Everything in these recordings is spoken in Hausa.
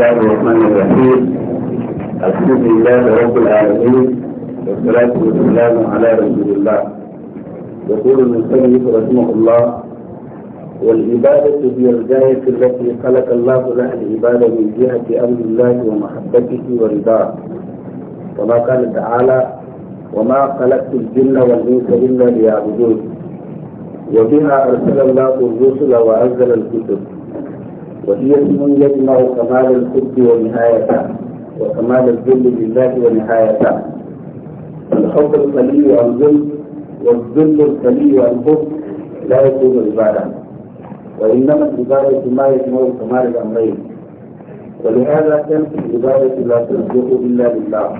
الله الرحمن الرحيم الحمد لله رب العالمين والصلاة والسلام على رسول الله يقول المسلم رحمه الله والعبادة هي الغاية التي خلق الله لها العبادة من جهة أمر الله ومحبته ورضاه كما قال تعالى وما خلقت الجن والإنس إلا ليعبدون وبها أرسل الله الرسل وأنزل الكتب وهي اسم يجمع كمال الحب ونهايته وكمال الذل لله ونهايته الحب الخلي والذل والذل الخلي والحب لا يكون عبادة وإنما العبادة ما يجمع كمال الأمرين ولهذا كانت العبادة لا تصدق إلا لله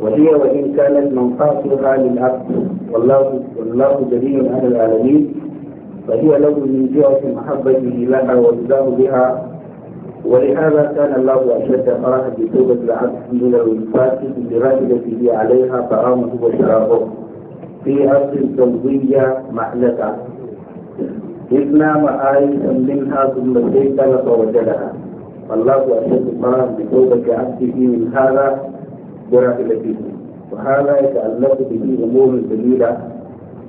وهي وإن كانت منفعتها للعبد والله والله جليل على العالمين فهي له من جهة محبته لها وإذاه بها ولهذا كان الله أشد فرحا بتوبة العبد من الفاسد لرغبته عليها طعامه وشرابه في أرض سودية محلة إذ نام منها ثم استيقظ فوجدها فالله أشد فرحا بتوبة عبده من هذا برغبته وهذا يتعلق به أمور جميلة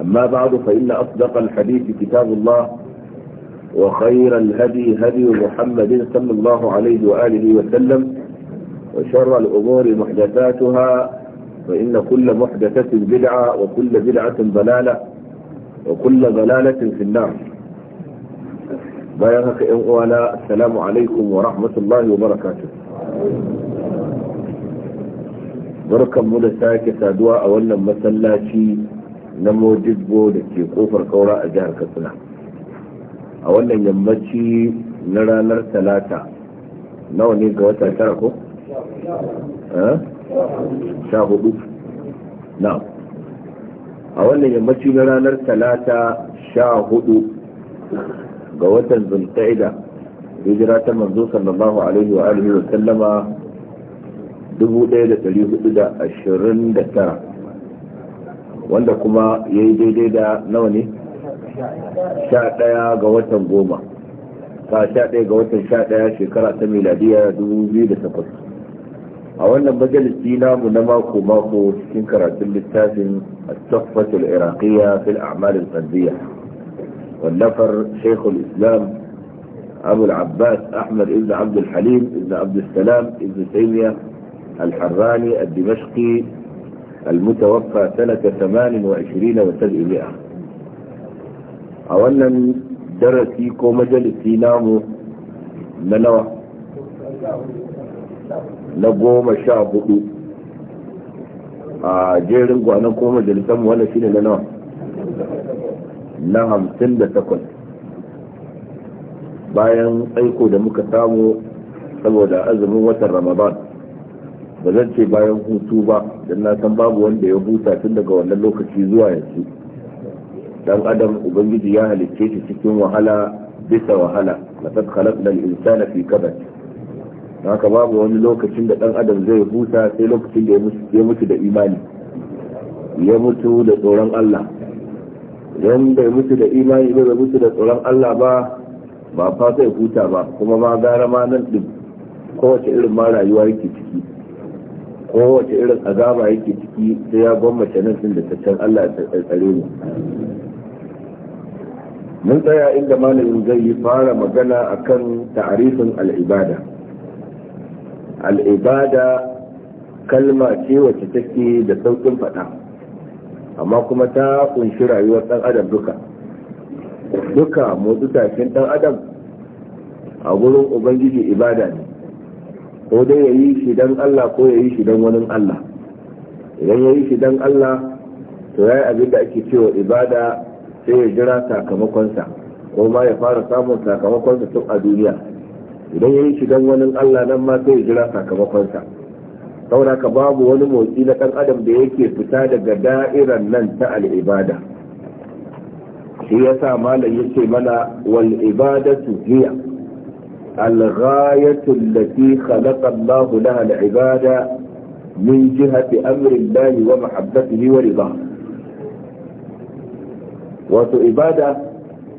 أما بعد فإن أصدق الحديث كتاب الله وخير الهدي هدي محمد صلى الله عليه وآله وسلم وشر الأمور محدثاتها فإن كل محدثة بدعة وكل بدعة ضلالة وكل ضلالة في النار بيانك إخوانا السلام عليكم ورحمة الله وبركاته بركة مدساك سادوا أولا مسلاتي na modibbo da ke kofar kaura a jihar katsina a wannan yammaci na ranar talata nawa ne ga wata tara ko? Eh? sha hudu na a wannan yammaci na ranar talata sha hudu ga watan zulqa'ida hijira ta manzo sallallahu alaihi wa alihi wa sallama 1429 wanda kuma ya yi daidai da nawa ne sha ɗaya ga watan goma ta sha ɗaya ga watan sha ɗaya shekara ta miladiya dubu biyu da takwas a wannan majalisi namu na mako mako cikin karatun littafin a tuhfatul iraqiyya fil amalin al wallafar shaykhul islam أبو العباس أحمد ابن عبد الحليم ابن عبد السلام ابن تيمية الحراني الدمشقي المتوفى سنة ثمان darasi وسبعمائة أولا درسي كو مجلسي نامو ننوى نقوم شابه a jerin gwanon ko majalisar mu wannan shine na nawa na hamsin da takwas bayan aiko da muka samu saboda azumin watan ramadan ba zan ce bayan hutu ba don na san babu wanda ya huta tun daga wannan lokaci zuwa yanzu dan adam ubangiji ya halicce shi cikin wahala bisa wahala lakad khalaqna al-insana fi kabad haka babu wani lokacin da dan adam zai huta sai lokacin da ya mutu da imani ya mutu da tsoron Allah idan bai mutu da imani bai mutu da tsoron Allah ba ba fa sai huta ba kuma ma gara ma nan din kowace irin ma rayuwa yake ciki kowace irin azaba yake ciki sai ya gwammace nan sun da can Allah a tsare mu mun tsaya inda malamin zai yi fara magana a kan ta'arifin al'ibada al'ibada kalma ce wacce take da saukin faɗa amma kuma ta kunshi rayuwar ɗan adam duka duka motsi tashin ɗan adam a gurin ubangiji ibada ne ko dai ya yi shi don Allah ko ya yi shi don wani Allah idan ya yi shi don Allah to ya yi abin da ake cewa ibada sai ya jira sakamakonsa ko ma ya fara samun sakamakonsa tun a duniya idan ya yi shi don wani Allah nan ma sai ya jira sakamakonsa saboda ka babu wani motsi na ɗan adam da yake fita daga da'irar nan ta al'ibada shi yasa malam yace mana wal ibadatu hiya الغاية التي خلق الله لها العبادة من جهة أمر الله ومحبته ورضاه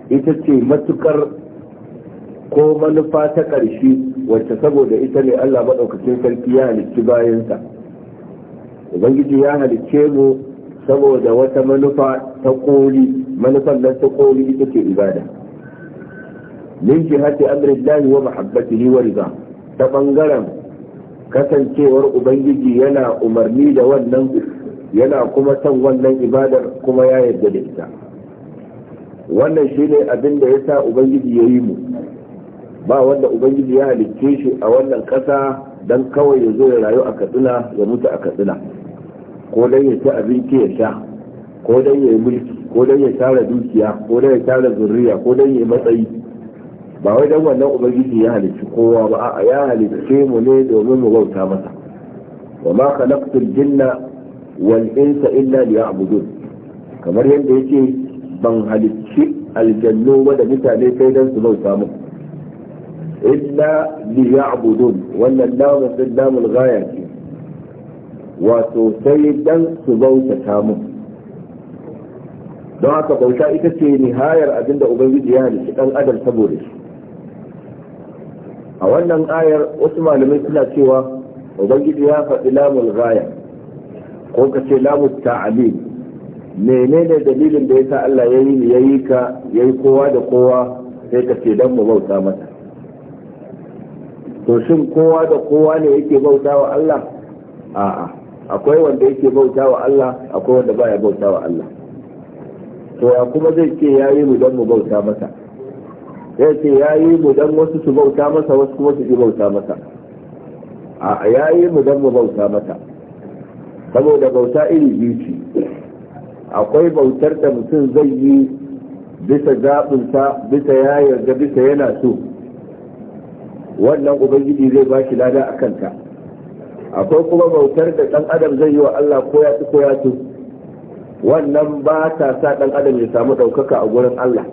ita ce matukar ko manufa ta ƙarshe wacce saboda ita ne Allah maɗaukacin sarki ya halicci bayansa ubangiji ya halicce mu saboda wata manufa ta ƙoli manufan nan ta ita ce ibada min jihati amrillahi wa mahabbatihi wa rida ta bangaren kasancewar ubangiji yana umarni da wannan yana kuma son wannan ibadar kuma ya yarda da ita wannan shine abin da yasa ubangiji ya yi mu ba wanda ubangiji ya halicce shi a wannan kasa dan kawai ya zo ya rayu a katsina ya mutu a katsina ko dan ya ci abinci ya sha ko dan ya yi mulki ko dan ya tara dukiya ko dan ya tara zuriya ko dan ya matsayi ba wai dan wannan ubangiji ya halicci kowa ba a'a ya halicce mu ne domin mu bauta masa wa ma khalaqtul jinna wal insa illa liya'budun kamar yadda yake ban halicci aljannu ba da mutane sai dan su bauta mu illa liya'budun wannan lamun din lamun ghaya ce wato sai dan su bauta mu don haka bauta ita ce nihayar abinda ubangiji ya halicci dan adam saboda shi a wannan ayar wasu malamai suna cewa ubangiji ya faɗi lamul gaya ko ka ce lamul ta'alim menene dalilin da yasa Allah ya yi ya yi ka ya yi kowa da kowa sai ka ce dan mu bauta masa to shin kowa da kowa ne yake bauta wa Allah a'a akwai wanda yake bauta wa Allah akwai wanda baya bauta wa Allah to ya kuma zai ce ya yi mu dan mu bauta masa ya ce ya yi mu dan wasu su bauta masa wasu kuma su bauta masa a ya yi mu dan mu bauta masa saboda bauta iri biyu ce akwai bautar da mutum zai yi bisa zaɓinsa bisa ya yarda bisa yana so wannan ubangiji zai ba shi lada a kanta akwai kuma bautar da ɗan adam zai yi wa Allah ko ya ko ya wannan ba ta sa ɗan adam ya samu ɗaukaka a gurin Allah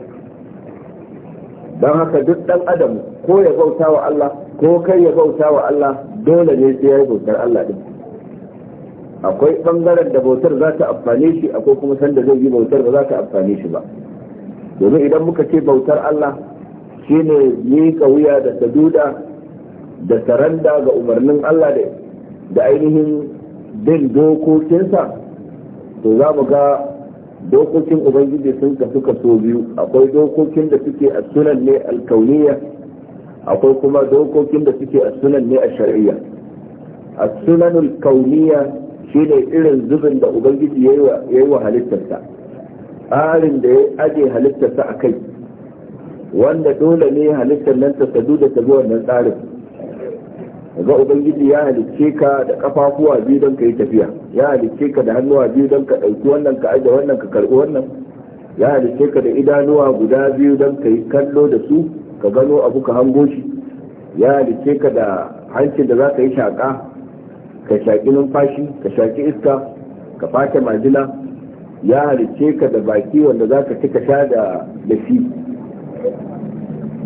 don haka duk dan adam ko ya bauta wa Allah ko kai ya bauta wa Allah dole ne sai ya yi bautar Allah din akwai bangaren da bautar za ta amfane shi akwai kuma sanda zai yi bautar ba za ta amfane shi ba domin idan muka ce bautar Allah shine yi wuya da saduda da saranda ga umarnin Allah da ainihin bin dokokinsa to za mu ga dokokin ubangiji sun kasu kaso biyu akwai dokokin da suke a sunan ne alkauniya akwai kuma dokokin da suke a sunan ne a shari'a a sunan alkauniya shi ne irin zubin da ubangiji ya yi wa halittarsa tsarin da ya ajiye halittarsa a kai wanda dole ne halittar nan ta sadu da ta wannan tsarin ga ubangiji ya halicce ka da kafafuwa biyu don ka yi tafiya ya halicce ka da hannuwa biyu don ka ɗauki wannan ka aje wannan ka karɓi wannan ya halicce ka da idanuwa guda biyu don ka yi kallo da su ka gano abu ka hango shi ya halicce ka da hancin da za ka yi shaƙa ka shaƙi numfashi ka shaƙi iska ka fata majina ya halicce ka da baki wanda za ka ci ka sha da shi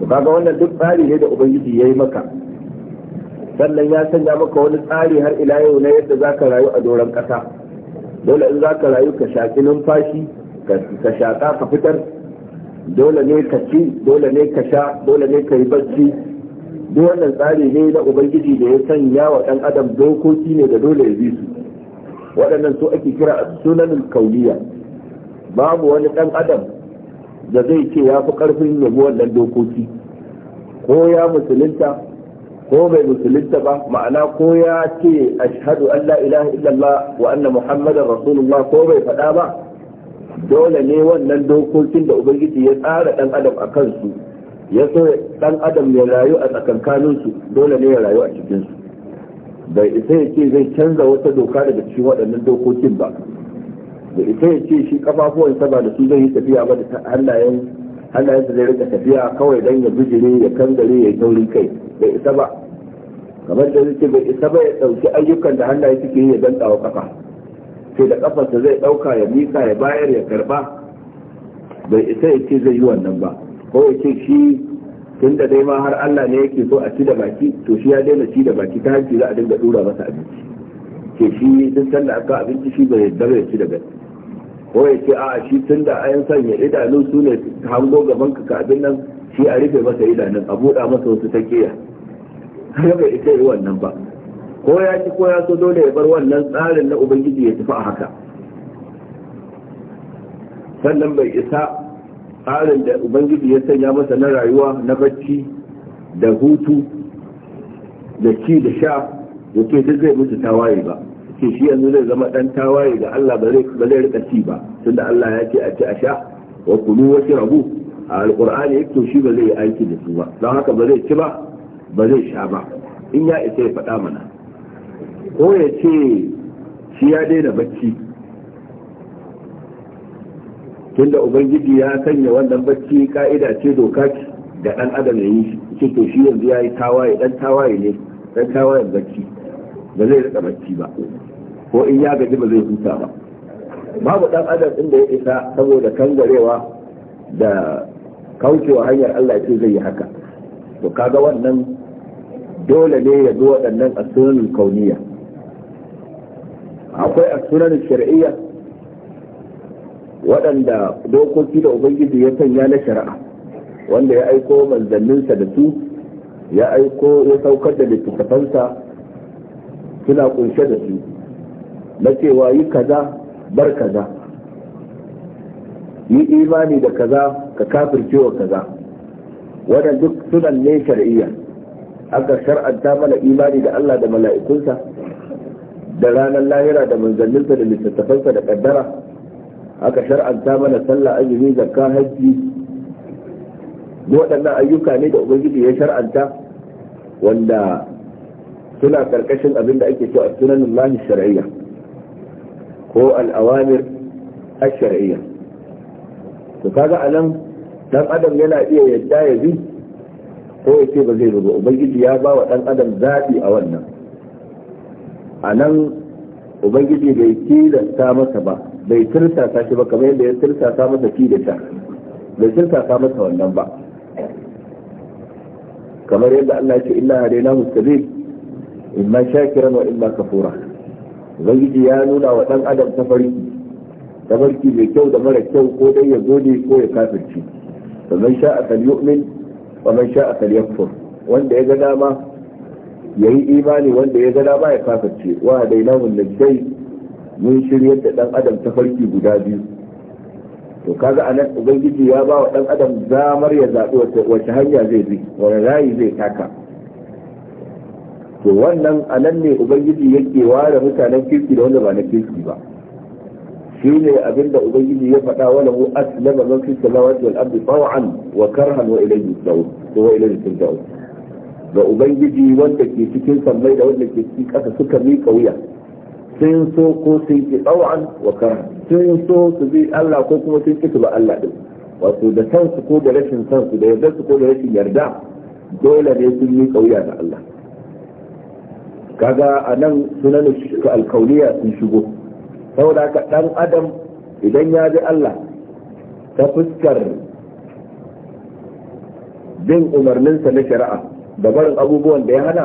kaga wannan duk tsari ne da ubangiji ya yi maka sannan ya sanya maka wani tsari har ila yau na yadda za ka rayu a doron ƙasa dole in za ka rayu ka shaƙi numfashi ka shaƙa ka fitar dole ne ka ci dole ne ka sha dole ne ka yi barci duk wannan tsari ne na ubangiji da ya sanya wa ɗan adam dokoki ne da dole ya bi su waɗannan su ake kira a sunanin kauliya babu wani ɗan adam da zai ce ya fi ƙarfin yabo wannan dokoki ko ya musulunta ko bai musulunta ba ma'ana ko ya ce ashhadu an la ilaha illallah wa anna muhammadar rasulullah ko bai faɗa ba dole ne wannan dokokin da ubangiji ya tsara dan adam a kansu ya so dan adam ya rayu a su dole ne ya rayu a cikin su bai isa ya ce zai canza wata doka daga cikin waɗannan dokokin ba bai isa ya ce shi kafafuwansa ba da su zai yi tafiya ba da hannayen yanzu zai rika tafiya kawai don ya bijire ya kangare ya taurin kai bai isa ba kamar da zai bai isa ba ya ɗauki ayyukan da hannaye suke yi ya danta wa kafa sai da kafarsa zai ɗauka ya mika ya bayar ya karba bai isa ya ce zai yi wannan ba ko ya ce shi tun da dai ma har Allah ne yake so a ci da baki to shi ya daina ci da baki ta hanci za a dinga dura masa abinci ke shi sun san da aka abinci shi bai yadda ya ci da baki ko ya ce a'a shi tun da an sanya idanu su ne hango gaban ka kafin nan shi a rufe masa idanun a buɗa masa wasu ta kiya har bai ita yi wannan ba ko ya ci ko ya so dole ya bar wannan tsarin na ubangiji ya tafi a haka sannan bai isa tsarin da ubangiji ya sanya masa na rayuwa na bacci da hutu da ci da sha yake duk zai mutu tawaye ba ke shi yanzu zai zama dan tawaye ga Allah ba zai rika ci ba tunda Allah ya ce a ci a sha wa kulu wa shrabu a alqur'ani yake shi ba zai aiki da su ba don haka ba zai ci ba ba zai sha ba in ya isa ya faɗa mana ko ya ce shi ya daina bacci tunda ubangiji ya sanya wannan bacci ka'ida ce doka ce ga dan adam ya yi shi to shi yanzu ya yi tawaye dan tawaye ne dan tawayen bacci ba zai rika bacci ba ko in ya gaji ba zai huta ba babu dan adam din da ya isa saboda kangarewa da kaucewa hanyar Allah ce zai yi haka to kaga wannan dole ne ya zo waɗannan asunan kauniya akwai asunan shari'iyya waɗanda dokoki da ubangiji ya sanya na shari'a wanda ya aiko manzanninsa da su ya aiko ya saukar da littattafansa suna kunshe da su na cewa yi kaza bar kaza yi imani da kaza ka kafircewa kaza wannan duk sunan ne shar'iyya aka shar'anta mana imani da Allah da mala'ikunsa da ranar lahira da manzanninsa da littattafansa da kaddara aka shar'anta mana sallah azumi zakka hajji waɗannan ayyuka ne da ubangiji ya shar'anta wanda suna karkashin abin da ake so a sunanin lahi shar'iyya ko al'awamir ash-shar'iyya to kaga anan dan adam yana iya yadda ya bi ko ya ce ba zai rubu ubangiji ya ba wa dan adam zaɓi a wannan a nan ubangiji bai tilasta masa ba bai tirsasa shi ba kamar yadda ya tirsasa masa tilasta bai tirsasa masa wannan ba kamar yadda Allah ya ce inna hadaina mustabil imma shakiran wa imma kafura ubangiji ya nuna wa dan adam tafarki tafarki mai kyau da mara kyau ko dai ya gode ko ya kafirci faman sha'a falyu'min wa man sha'a falyakfur wanda ya ga dama yayi imani wanda ya ga dama ya kafirce wa dainahu najjai mun shirye da dan adam tafarki guda biyu to kaga anan ubangiji ya ba wa dan adam zamar ya zabi wata hanya zai bi wani rayi zai taka to wannan anan ne ubangiji yake ware mutanen kirki da wanda ba na kirki ba shi ne abinda ubangiji ya faɗa wala hu aslama man fi samawati wal ardi taw'an wa karhan wa ilayhi yusawun to wa ilayhi turja'un ga ubangiji wanda ke cikin sammai da wanda ke cikin ƙasa suka miƙa wuya sun so ko sun ki tsawan wa kan sun so su bi Allah ko kuma sun ki ba Allah din wato da san ko da rashin san da yarda su ko da rashin yarda dole ne sun yi kauya da Allah kaga a nan sunanin alkauliya sun shigo saboda ka dan adam idan ya bi Allah ta fuskar bin umarninsa na shari'a da barin abubuwan da ya hana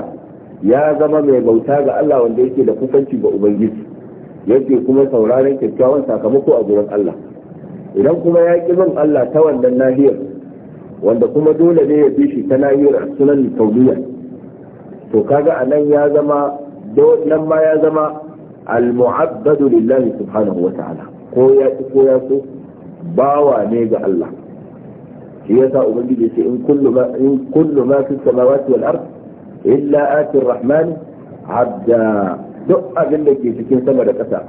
ya zama mai bauta ga Allah wanda yake da kusanci ga Ubangiji yake kuma sauraron kyakkyawan sakamako a gurin Allah idan kuma ya ƙi bin Allah ta wannan nahiyar wanda kuma dole ne ya bi shi ta nahiyar sunan tauliya to kaga anan ya zama nan ma ya zama al-mu'abbadu lillahi subhanahu wa ta'ala ko ya ko ya so bawa ne ga Allah shi yasa ubangiji ce in kullu ma in kullu ma fi samawati wal ard illa ati ar-rahman abda duk abin da ke cikin sama da ƙasa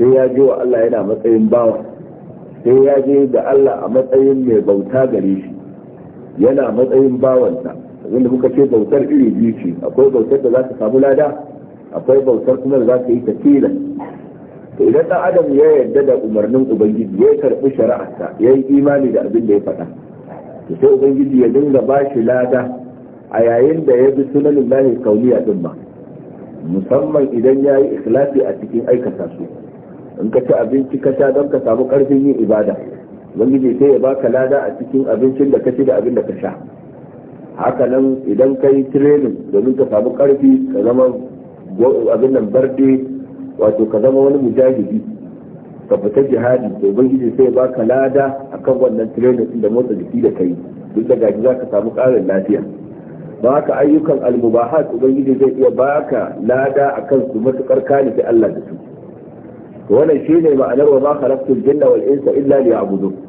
sai ya je wa Allah yana matsayin bawa sai ya je da Allah a matsayin mai bauta gare shi yana matsayin bawansa abinda kuka ce bautar iri biyu ce akwai bautar da za ta samu lada akwai bautar kuma da za ta yi tafiya. to idan dan adam ya yarda da umarnin ubangiji ya karbi shari'arsa ya yi imani da abin da ya faɗa to sai ubangiji ya dinga ba shi lada a yayin da ya bi sunanin lahi kauniya din ma musamman idan ya yi ikhlasi a cikin aikata su in ka ci abinci ka sha don ka samu karfin yin ibada ubangiji sai ya baka lada a cikin abincin da ka ci da abin da ka sha haka nan idan ka yi training domin ka samu karfi ka zama abin nan barde wato ka zama wani mujahidi ka fita jihadi to ubangiji sai ba ka lada a kan wannan training din da motsa jiki da kai duk da gaji ka samu karin lafiya ba haka ayyukan almubahat ubangiji zai iya baka lada akan su matukar kani sai Allah da su wannan shine ma'anar wa ma khalaqtul jinna wal insa illa liya'budun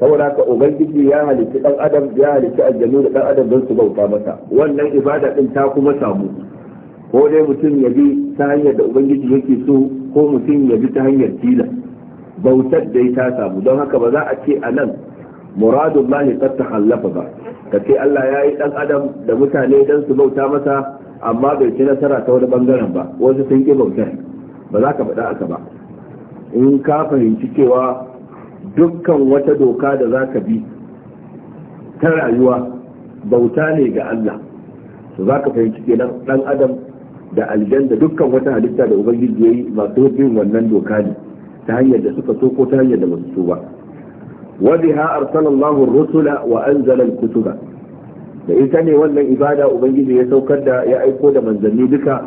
saboda haka ubangiji ya halitta dan adam ya halitta aljanu da dan adam don su bauta masa wannan ibada din ta kuma samu ko dai mutum ya bi ta hanyar da ubangiji yake so ko mutum ya bi ta hanyar tila bautar dai ta samu don haka ba za a ce a nan muradun lahi qad tahallafa ba ka Allah ya yi dan adam da mutane don su bauta masa amma bai ci nasara ta wani bangaren ba wasu sun ki bautar ba za ka faɗa aka ba in ka fahimci cewa dukkan wata doka da za ka bi ta rayuwa bauta ne ga Allah to za ka fahimci kenan dan adam da aljan da dukkan wata halitta da ubangiji yayi yi masu bin wannan doka ne ta hanyar da suka so ko ta hanyar da ba su so ba wa biha arsalallahu rusula wa anzala al da ita ne wannan ibada ubangiji ya saukar da ya aiko da manzanni duka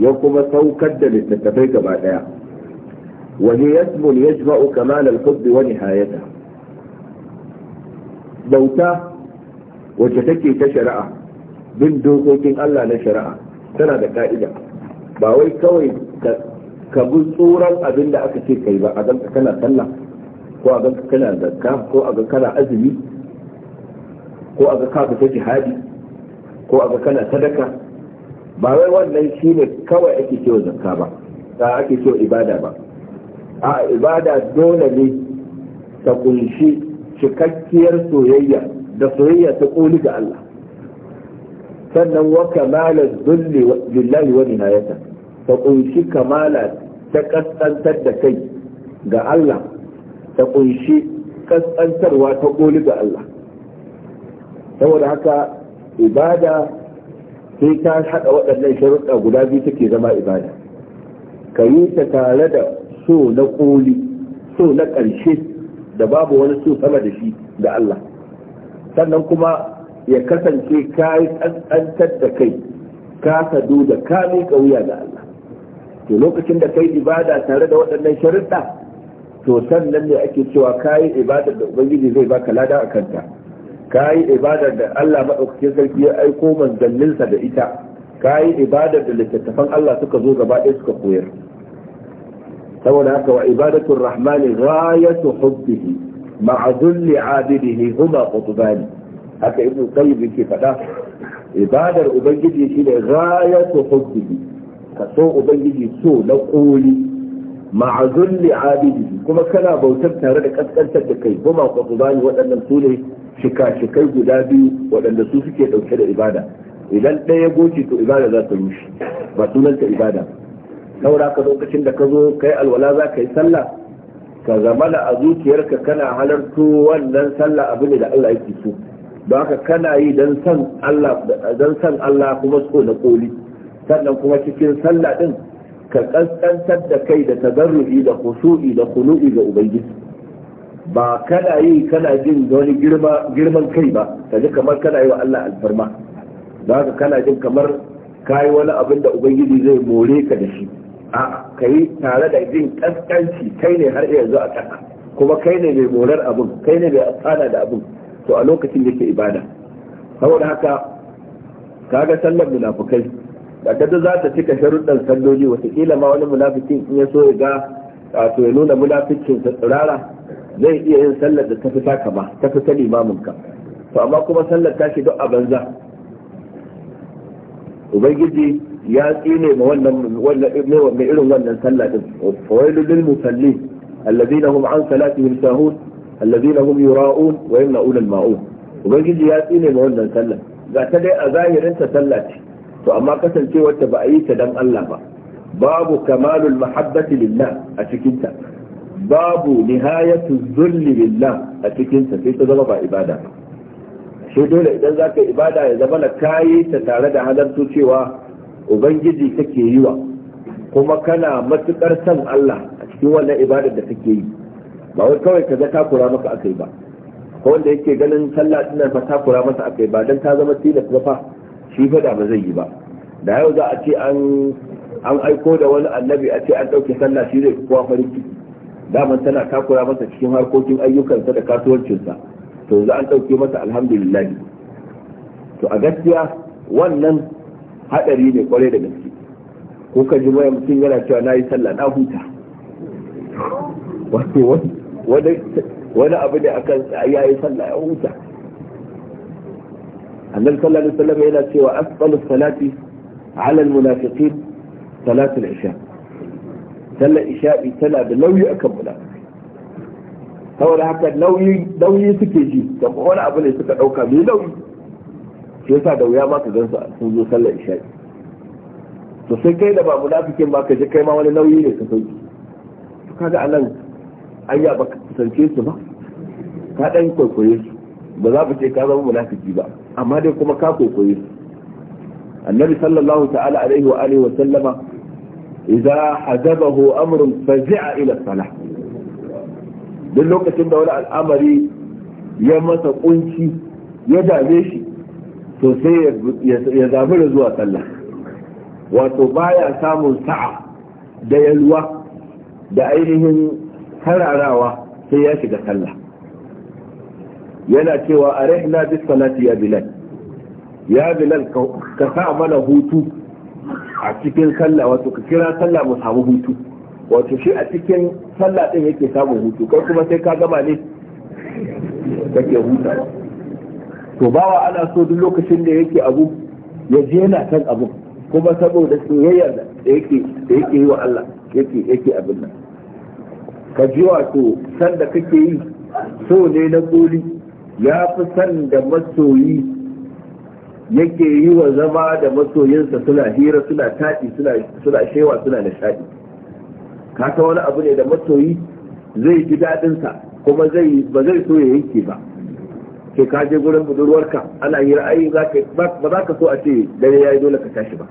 ya kuma saukar da littattafai gaba daya وليسم يجمع كمال الحب ونهايته بوتا وجتكي تشرع bin dokokin Allah na shari'a tana da ƙa'ida. ba wai kawai ka bi tsoron abin aka ce kai ba a ganka kana sallah ko a ganka kana zakka ko a ganka kana azumi ko a ga ka fita jihadi ko a ga kana sadaka ba wai wannan shine kawai ake cewa zakka ba ba ake cewa ibada ba a ibada dole ne ta kunshi cikakkiyar soyayya da soyayya ta koli ga Allah sannan wa kamala lillahi wa nihayata ta kunshi kamala ta kaskantar da kai ga Allah ta kunshi kaskantarwa ta ƙoli ga Allah saboda haka ibada sai ta haɗa waɗannan sharuɗa guda biyu take zama ibada ka yi ta tare da so na ƙoli, so na ƙarshe da babu wani so sama da shi da Allah sannan kuma ya kasance ka yi ƙanƙantar da kai ka sadu da ka miƙa wuya ga Allah to lokacin da kai ibada tare da waɗannan sharuɗa to sannan ne ake cewa ka yi ibadar da ubangiji zai baka lada a kanta ka yi ibadar da Allah maɗaukakin sarki ya aiko manzanninsa da ita ka yi ibadar da littattafan Allah suka zo gaba ɗaya suka koyar saboda haka wa ibadatul rahmani ghayatu hubbihi ma'a dhulli 'abidihi huma qutbani haka ibnu qayyim yake faɗa ibadar ubangiji shine ghayatu hubbihi ka so ubangiji so na koli ma'a dhulli 'abidihi kuma kana bautar tare da kaskantar da kai huma qutbani waɗannan su ne shika-shikai guda biyu waɗanda su suke ɗauke da ibada idan ɗaya goce to ibada za ta rushe ba sunanta ibada ba saura ka lokacin da ka zo kai alwala za ka yi sallah ka zama da a zuciyarka kana halarto wannan sallah abu ne da Allah yake so don haka kana yi don san Allah don san Allah kuma so na koli sannan kuma cikin sallah din ka kaskantar da kai da tadarru'i da khushu'i da khulu'i ga ubangiji ba kana yi kana jin wani girman kai ba kaje kamar kana yi wa Allah alfarma don haka kana jin kamar kayi wani abin da ubangiji zai more ka da shi a yi tare da jin ƙasƙanci kai ne har yanzu a ƙasa kuma kai ne mai morar abun kai ne mai amfana da abun to a lokacin yake ibada saboda haka ka ga sallar munafukai da kada za ta cika sharuɗan salloli watakila ma wani munafikin in ya so ya ga wato ya nuna munafikin sa tsirara zai iya yin sallar da tafi taka ma tafi ta limamin ka to amma kuma sallar ta shi duk a banza ubangiji ya tsine ma wannan wannan irin wannan sallah din fawailul lil musallin alladhina hum an salatihim sahun alladhina hum yura'un wa yamna'un al ma'un ubangiji ya tsine ma wannan sallah ga ta dai a zahirin ta sallah ce to amma kasance ta ba a yi ta dan Allah ba babu kamalul mahabbati lillah a cikin ta babu nihayatu zulli lillah a cikin ta sai ta zama ba ibada sai dole idan zaka ibada ya zama na kayi ta tare da halartu cewa ubangiji kake yi wa kuma kana matukar san Allah a cikin wannan ibadar da kake yi ba wai kawai ka ga takura maka akai ba ko wanda yake ganin sallah nan fa takura masa akai ba dan ta zama tilas ba fa shi fa da ba zai yi ba da yau za a ce an an aiko da wani annabi a ce an dauke sallah shi zai kowa farin ciki daman tana takura masa cikin harkokin ayyukansa da kasuwancinsa to za an dauke masa alhamdulillah to a gaskiya wannan hadari ne kwarai da gaske ko ka ji mai mutum yana cewa na yi sallah na huta wato wani abu ne akan ya yi sallah ya huta annabi sallallahu alaihi wasallam yana cewa asqalu salati ala almunafiqin salatu al-isha sallar isha'i tana da nauyi akan munafiki saboda haka nauyi nauyi suke ji da wani abu ne suka dauka mai nauyi shi yasa da wuya ma ka a sun zo sallar isha'i to sai kai da ba munafikin ba ka je kai ma wani nauyi ne ka sauki to kaga nan an ya ba kusance su ba ka dan kwaikwaye su ba za ku ce ka zama munafiki ba amma dai kuma ka kwaikwaye su annabi sallallahu ta'ala alaihi wa alihi wa sallama idza hadabahu amrun fazi'a ila salah duk lokacin da wani al'amari ya masa kunci ya dame shi to sai ya zaɓi da zuwa sallah wato baya samun sa'a da yalwa da ainihin hararawa sai ya shiga sallah yana cewa a rahina bis salati ya bilal ya bilal ka sa mana hutu a cikin sallah wato ka kira sallah mu samu hutu wato shi a cikin sallah din yake samun hutu kai kuma sai ka gama ne kake hutawa to bawa ana so duk lokacin da yake abu ya je yana kan abu kuma saboda soyayya da yake da yake yi wa Allah yake yake abin nan ka ji wato san da kake yi so ne na koli ya fi san da masoyi yake yi wa zama da masoyinsa suna hira suna taɗi suna shewa suna nishaɗi ka wani abu ne da masoyi zai ji daɗinsa kuma ba zai so ya yanke ba ke ka je gurin budurwarka ana yi ra'ayi ba za ka so a ce dare ya yi dole ka tashi ba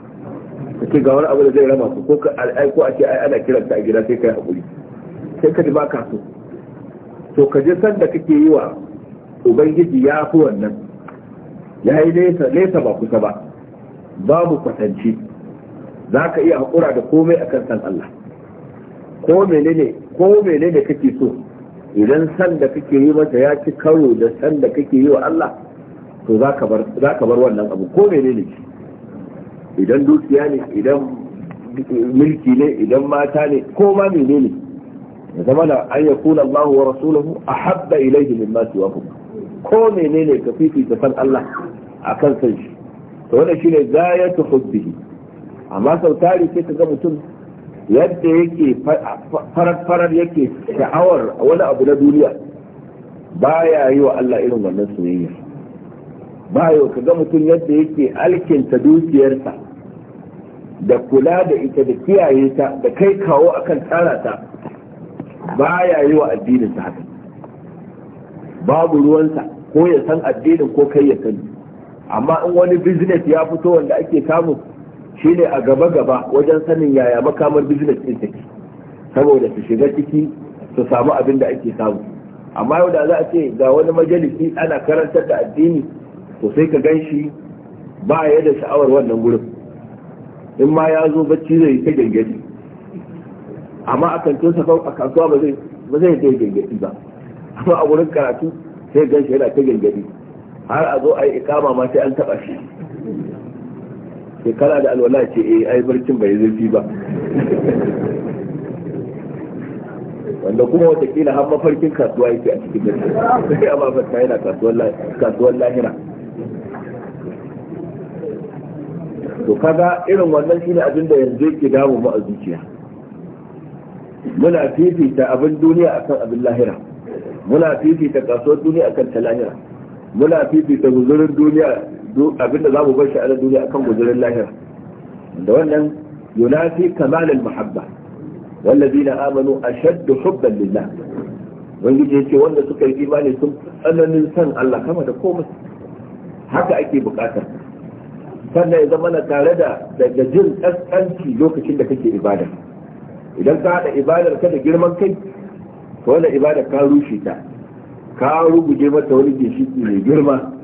ka ce ga wani abu da zai rama ku ko al'ai ko a ce ai ana kiran ta a gida sai ka yi haƙuri sai ka ji ba ka so to ka je sanda kake yi wa ubangiji ya fi wannan ya yi nesa ba kusa ba babu kwatanci za ka iya haƙura da komai akan san Allah ko menene ko menene kake so idan san da kake yi masa ya ci karo da san da kake yi wa Allah to za ka bar wannan abu ko menene ne idan dukiya ne idan mulki ne idan mata ne ko ma menene ya zama da an ya kula Allah wa rasuluhu a habba ilaihi min ma siwa ko menene ka fifita san Allah akan san shi to wannan shine gayatu hubbihi amma sau tari sai ka ga mutum yadda yake farar yake sha'awar wani abu na duniya baya yi wa Allah irin wannan soyayya Ba yau ka ga mutum yadda yake alkinta dukiyarsa da kula da ita da kiyaye ta da kai kawo akan tsara ta baya yi wa addinin sa haka babu ruwansa ko ya san addinin ko kai ya sani amma in wani business ya fito wanda ake samu shine a gaba gaba wajen sanin yaya makamar business din take saboda su shiga ciki su samu abin da ake samu amma yau da za a ce ga wani majalisi ana karantar da addini to sai ka gan ba ya da sha'awar wannan gurin in ma ya zo bacci zai ta gangaɗi amma a sa a kasuwa ba zai ba zai ta gangaɗi ba amma a wurin karatu sai ganshi yana ta gangaɗi har a zo a yi ikama ma sai an taɓa shi sai kana da alwala ce eh ai barcin bai zurfi ba wanda kuma watakila har mafarkin kasuwa yake a cikin barci sai a mafarka yana kasuwar lahira to kaga irin wannan shine abin da yanzu yake damu mu a zuciya muna fifita abin duniya akan abin lahira muna fifita kasuwar duniya akan ta lahira muna fifita guzurin duniya abinda za mu bar shi a nan duniya akan guzurin lahira da wannan yunafi kamal al-mahabba na amanu ashaddu hubban lillah wangiji ce wanda suka yi imani sun tsananin san Allah kama da komai haka ake bukatar sannan ya zama na tare da daga jin kaskanci lokacin da kake ibada idan ka haɗa ibadar ka da girman kai to wannan ibadar ka rushe ta ka ruguje mata wani ginshiki mai girma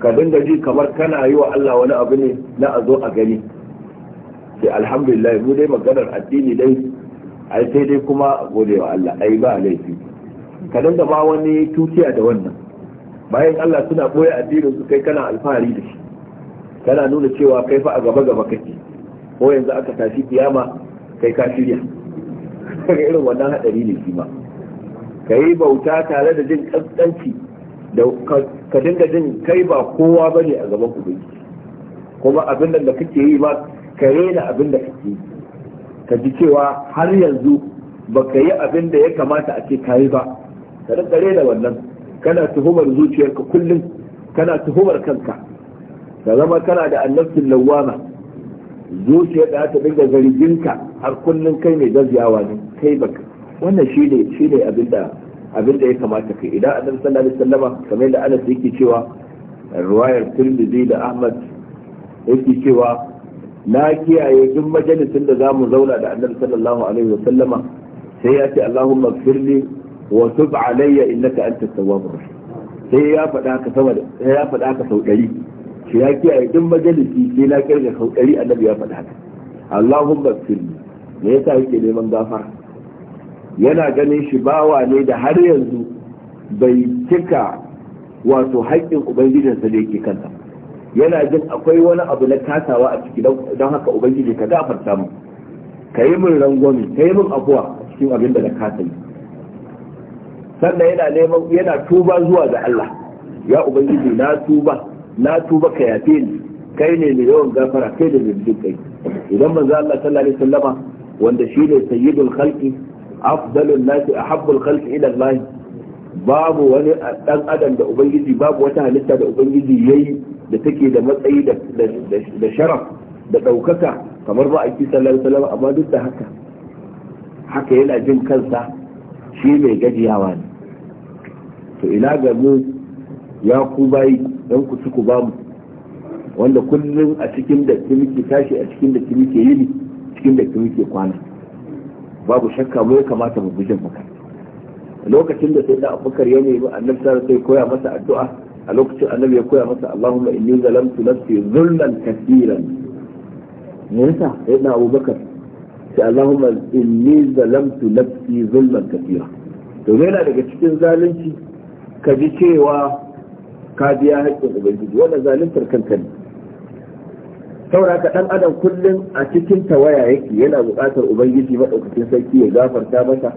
ka dinga ji kamar kana yi wa Allah wani abu ne na a zo a gani sai alhamdulillah mu dai maganar addini dai ai sai dai kuma gode wa Allah ai ba laifi ka dinga ba wani tukiya da wannan bayan Allah suna boye addinin su kai kana alfahari da shi kana nuna cewa kai fa a gaba gaba kake ko yanzu aka tashi kiyama kai ka shirya kaga irin wannan hadari ne shi ma kai bauta tare da jin kaskanci da ka dinga jin kai ba kowa ba ne a gaban ubangiji kuma abin da kake yi ba ka rena abin da kake yi ka ji cewa har yanzu ba ka yi abin da ya kamata a ce ka yi ba ka rinka rena wannan kana tuhumar zuciyarka kullum kana tuhumar kanka ka zama kana da annabcin lawama zuciyar da ta dinga zarginka har kullum kai ne gaziyawa ne kai baka wannan shi ne abin da abin da ya kamata kai idan annabi sallallahu alaihi wasallama kamar yadda Anas yake cewa ruwayar Tirmidhi da Ahmad yake cewa na kiyaye duk majalisin da zamu zauna da annabi sallallahu alaihi wasallama sai ya ce Allahumma firli wa tub alayya innaka antat tawwabur rahim sai ya faɗa ka sama sai ya faɗa ka sau ɗari shi ya kiyaye duk majalisi sai na kirga sau ɗari annabi ya faɗa ka Allahumma firli me yasa yake neman gafara yana ganin shi bawa ne da har yanzu bai cika wato haƙƙin ubangijinsa da yake kanta, yana jin akwai wani abu na kasawa a ciki don haka ubangiji ka gafarta mu ka yi min rangwami ka yi min afuwa a cikin abin da na kasa yi sannan yana neman yana tuba zuwa ga Allah ya ubangiji na tuba na tuba ka yafe ni kai ne mai yawan gafara kai da mai kai idan manzo Allah sallallahu alaihi wasallama wanda shine sayyidul khalqi afdalun nasi ahabbul khalqi idan Allah babu wani dan adam da ubangiji babu wata halitta da ubangiji yayi da take da matsayi da sharaf da daukaka kamar ba aiki sallallahu alaihi amma duk da haka haka yana jin kansa shi mai gajiyawa ne to ina ga mu ya ku bayi dan ku ci ku bamu wanda kullum a cikin da muke tashi a cikin da ke yini cikin da ke kwana babu shakka mu ya kamata mu gujin haka lokacin da sai da abubakar ya nemi annabi sai sai koya masa addu'a a lokacin annabi ya koya masa Allahumma inni zalamtu nafsi zulman kaseeran me yasa sai da abubakar sai Allahumma inni zalamtu nafsi zulman kaseeran to yana daga cikin zalunci ka ji cewa ka biya haƙƙin ubangiji wannan zaluntar kanka ne saboda ka dan adam kullum a cikin tawaya yake yana buƙatar ubangiji madaukakin sarki ya gafarta masa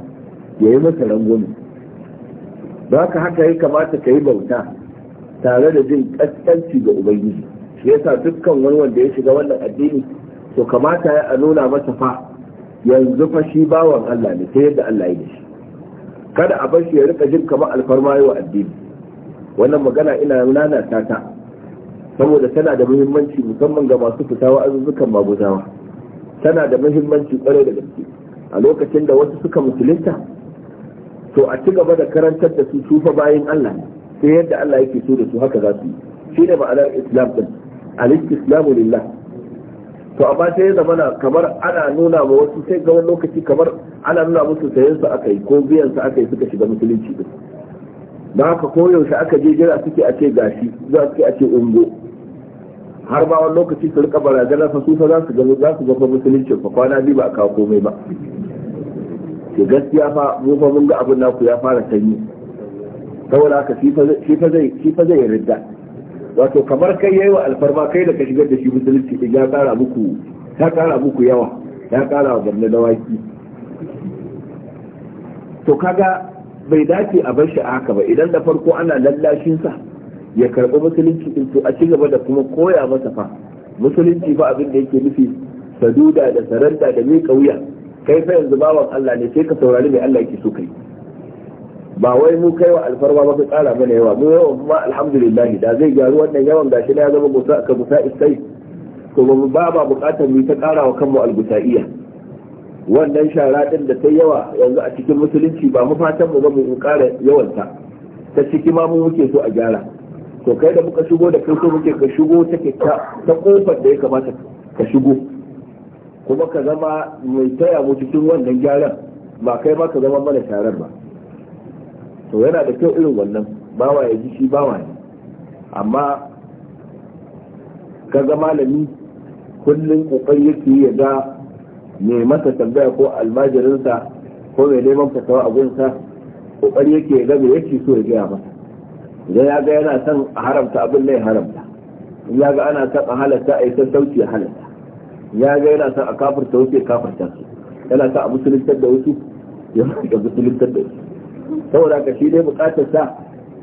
ya yi masa rangwami ba ka haka ya kamata ka yi bauta tare da jin kaskanci ga ubangiji shi yasa dukkan wani wanda ya shiga wannan addini to kamata ya a nuna masa fa yanzu fa shi bawan Allah ne ta yadda Allah ya shi kada a bar shi ya rika jin kamar alfarma wa addini wannan magana ina nana ta ta saboda tana da muhimmanci musamman ga masu fita wa'azuzzukan maguzawa tana da muhimmanci kwarai da gaske a lokacin da wasu suka musulunta to a ci gaba da karantar da su sufa bayan Allah sai yadda Allah yake so da su haka za su yi shi ne ma'anar islam din al-islamu lillah to amma sai ya zama kamar ana nuna ma wasu sai ga wani lokaci kamar ana nuna musu sayensu su aka yi ko biyan su aka yi suka shiga musulunci din don haka koyaushe aka je jira suke a ce gashi za su a ce ungo har ba wani lokaci su rika barazana fa su fa za su gano za su gafa musulunci fa kwana biyu ba a kawo komai ba ke gaskiya fa mu fa mun ga abin naku ya fara sanyi saboda haka shi fa zai shi fa zai ridda wato kamar kai yayi wa alfarma kai da ka shigar da shi musulunci ya kara muku ya kara muku yawa ya kara wa barna dawaki to kaga bai dace a bar shi haka ba idan da farko ana lallashin sa ya karɓi musulunci din to a ci gaba da kuma koya masa fa musulunci ba abin da yake nufi saduda da saranda da miƙa wuya kai fa yanzu bawan Allah ne sai ka saurari mai Allah yake so kai ba wai mu kai wa alfarma ba ka mana yawa mu yawan ma alhamdulillah da zai gyaru wannan yawan gashi na ya zama gusa ka gusa iskai to ba ba buƙatar mu ta ƙara wa kanmu algusaiya wannan shara din da ta yawa yanzu a cikin musulunci ba mu fatan mu ba mu ƙara yawanta ta ciki ma mu muke so a gyara to kai da muka shigo da kai so muke ka shigo ta ta kofar da ya kamata ka shigo kuma ka zama mai taya mu cikin wannan gyaran ba kai ma ka zama mana sharar ba to yana da kyau irin wannan bawa ya ji shi bawa ne amma ka ga malami kullum kokari yake ya ga mai masa tambaya ko almajirinsa ko mai neman fatawa a gunsa kokari yake ga me yake so ya gaya masa idan ya ga yana son a haramta abin da ya haramta in ya ga ana son a halatta a yi sauki a halatta ya ga yana son a kafarta wasu ya kafarta, su yana son a musuluntar da wasu ya musuluntar da wasu saboda ka shi ne bukatar sa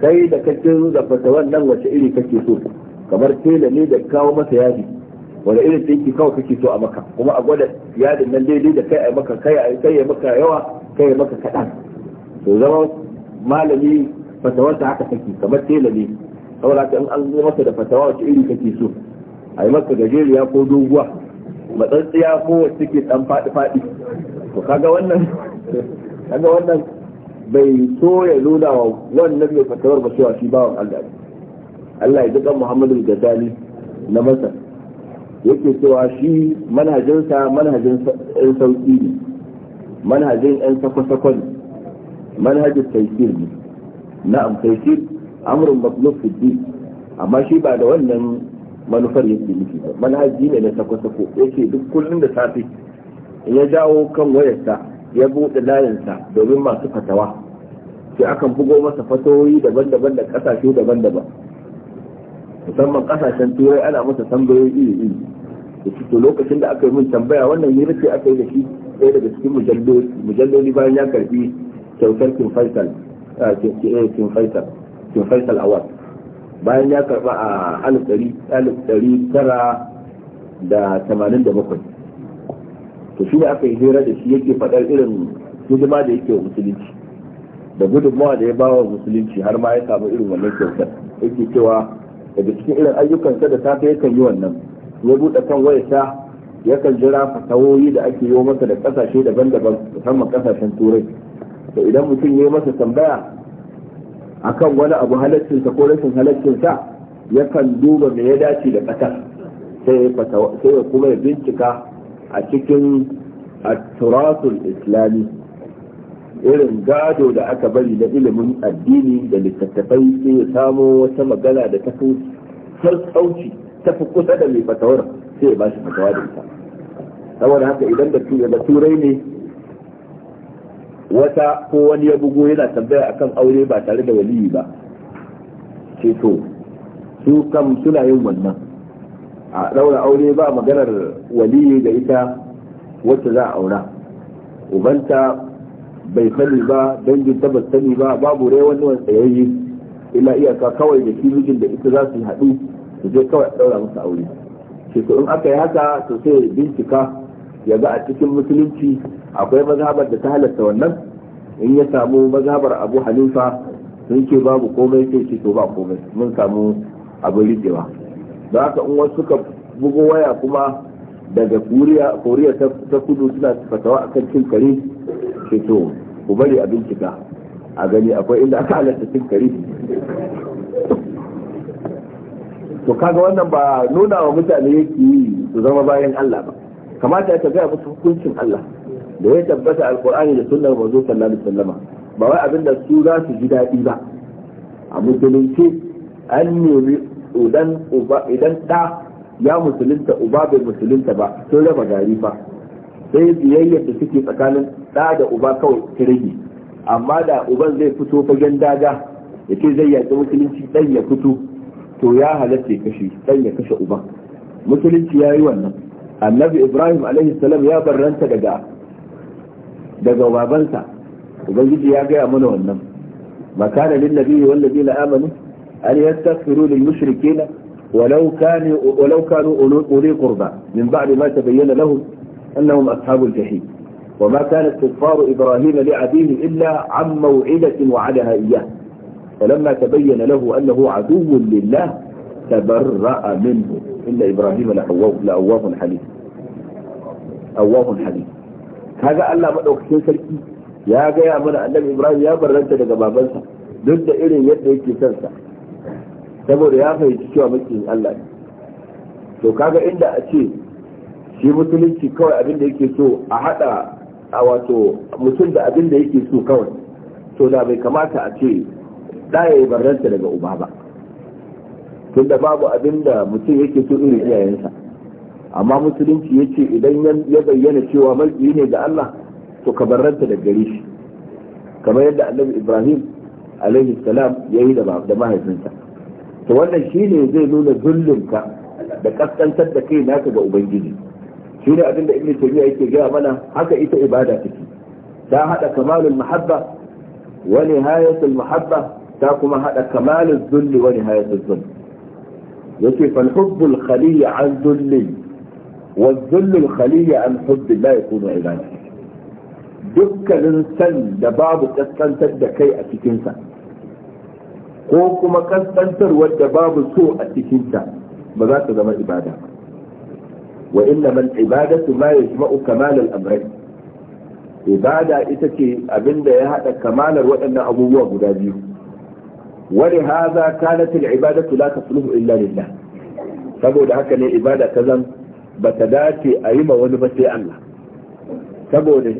kai da kacin da fatawan nan wace iri kake so kamar tela ne da kawo masa yaji. wani irin yake kawai kake so a maka kuma a gwada yadin nan daidai da kai a maka kai a kai a maka yawa kai a maka kaɗan to zama malami fatawarsa haka take kamar tela ne saboda in an zo masa da fatawa wace iri kake so a yi maka gajeriya ko doguwa matsantsiya ko wacce ke dan faɗi faɗi to kaga wannan kaga wannan bai so ya nuna wa wannan mai fatawar ba cewa shi bawan Allah Allah ya dukan Muhammadu Gaddani na Masar yake cewa shi manhajinsa manhajin ɗan sauƙi ne manhajin ɗan sako ne manhajin taifir ne na taifir amurin makluf fiddi amma shi ba da wannan manufar yake nufi ba manhaji ne na sako yake duk kullum da safe in ya jawo kan wayarsa ya buɗe layinsa domin masu fatawa sai akan bugo masa fatoyi daban-daban da ƙasashe daban-daban musamman kasashen turai ana masa tambayoyi iri iri da to lokacin da aka yi min tambaya wannan yi ce aka yi da shi ɗaya daga cikin mujalloli bayan ya karbi kyautar kin faisal kin eh, faisal award bayan ya karba a alif ɗari tara da tamanin da bakwai to shi ne aka yi hira da shi yake faɗar irin hidima da yake wa musulunci da gudunmawa da ya ba wa musulunci har ma ya samu irin wannan kyautar yake cewa daga cikin irin ayyukansa da safe yakan yi wannan ya buɗe kan wayarsa yakan jira fasahohi da ake yi masa da kasashe daban-daban musamman kasashen turai to idan mutum ya yi masa tambaya akan wani abu halaccinsa ko rashin halaccinsa yakan duba me ya dace da ƙasar sai ya kuma ya bincika a cikin التراث islami irin gado da aka bari na ilimin addini da littattafai sai ya samo wata magana da ta har tsauci ta fi kusa da mai fatawar sai ya ba shi fatawa da ita saboda haka idan da turai ne wata ko wani ya bugu yana tambaya a kan aure ba tare da waliyi ba ce to su kam suna yin wannan a daura aure ba maganar waliyi da ita wacce za a aura ubanta bai sani ba dangin ta ba sani ba babu rai wani wani tsayayye ila iyaka kawai da shi mijin da ita za su haɗu su je kawai a ɗaura masa aure shi in aka yi haka to sai bincika ya ga a cikin musulunci akwai mazhabar da ta halatta wannan in ya samu mazhabar abu hanifa sun ce babu komai sai ce to ba komai mun samu abin rijewa don haka in wasu suka bugo waya kuma daga koriya ta kudu suna fatawa a kan cin kare ke to ku bari a bincika a gani akwai inda aka halatta cin kare to kaga wannan ba nuna wa mutane yake yi su zama bayan Allah ba kamata ya gaya musu hukuncin Allah da ya tabbata alkur'ani da sunnar manzo sallallahu alaihi wasallama ba wai abin da su za su ji daɗi ba a musulunci an nemi idan da. ya musulunta uba bai musulunta ba sun raba gari ba sai biyayya da suke tsakanin ɗa da uba kawai ta rage amma da uban zai fito fagen daga ya ce zai yaƙi musulunci ɗan ya fito to ya halatta kashi kashe ɗan ya kashe uban musulunci ya yi wannan annabi ibrahim alaihi salam ya barranta daga daga babansa ubangiji ya gaya mana wannan makana lin nabiyyi wal ladina amanu an yastaghfiru lil mushrikeena ولو كانوا ولو كانوا أولي قربى من بعد ما تبين لهم أنهم أصحاب الجحيم وما كان استغفار إبراهيم لعبيه إلا عن موعدة وعدها إياه فلما تبين له أنه عدو لله تبرأ منه إلا إبراهيم لأواه حليم أواه حليم هذا ألا مدعوك سلكي يا جاي أمنا إبراهيم يا برنت لك بابنسا ضد إلي يد يكي سلسا saboda ya fahimci cewa makiyin Allah ne to kaga inda a ce shi musulunci kawai abin da yake so a hada a wato mutum da abin da yake so kawai to da bai kamata a ce da ya barranta daga uba ba tunda babu abin da mutum yake so irin iyayensa amma musulunci ya ce idan ya bayyana cewa mulki ne ga Allah to ka barranta da gare shi kamar yadda annabi Ibrahim alaihi salam ya yi da mahaifinsa to wannan shine zai nuna zullinka da kaskantar da kai naka ga ubangiji shi ne abinda ibnu taymiya yake gaya mana haka ita ibada take ta hada kamalul mahabba wa nihayatul mahabba ta kuma hada kamalul zulli wa nihayatul zulli yace fal hubbul khaliy an zulli wa zullu al an hubbi la yakunu ibada dukkanin san da babu kaskantar da kai a cikin sa ko kuma kaskantarwar da babu so a cikinta ba za ta zama ibada wa inna man ibadatu ma yajma'u kamal al-amrayn ibada ita ce abinda ya hada kamalar waɗannan abubuwa guda biyu wani haza kanat al-ibadatu la tasluhu illa lillah saboda haka ne ibada ta zan bata dace a yi ma wani ba sai Allah saboda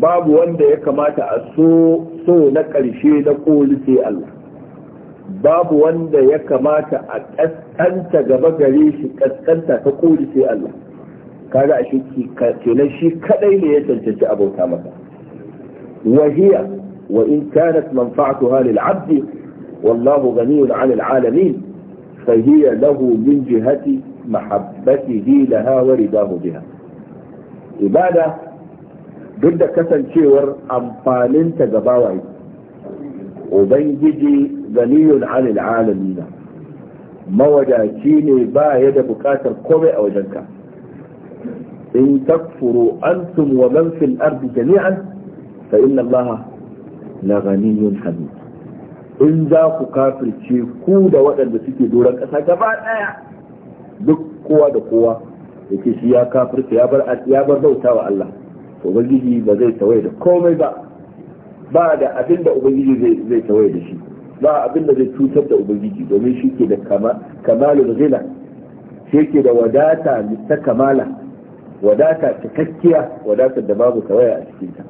babu wanda ya kamata a so so na ƙarshe na koli sai Allah babu wanda ya kamata a kaskanta gaba gare shi kaskanta ta koli sai Allah kaga a shi kenan shi kadai ne ya tantance abauta masa wahiya wa in kanat manfa'atuha lil 'abdi wallahu ghaniyun 'anil 'alamin fa hiya lahu min jihati mahabbatihi laha wa ridahu biha ibada duk da kasancewar amfanin ta ga bawaye ubangiji ganiyun anil alamina mawadaci ne ba ya da bukatar komai a ka. in takfuru antum wa man fil na jami'an fa inna allaha in za ku kafirce ku da waɗanda suke doron ƙasa gaba ɗaya duk kowa da kowa yake shi ya kafirce ya bar bauta wa Allah ubangiji ba zai tawaye da komai ba ba da abin da ubangiji zai tawaye da shi ba abin da zai cutar da ubangiji domin shi ke da kamalul ghina shi ke da wadata ta kamala wadata cikakkiya wadatar da babu tawaya a cikinta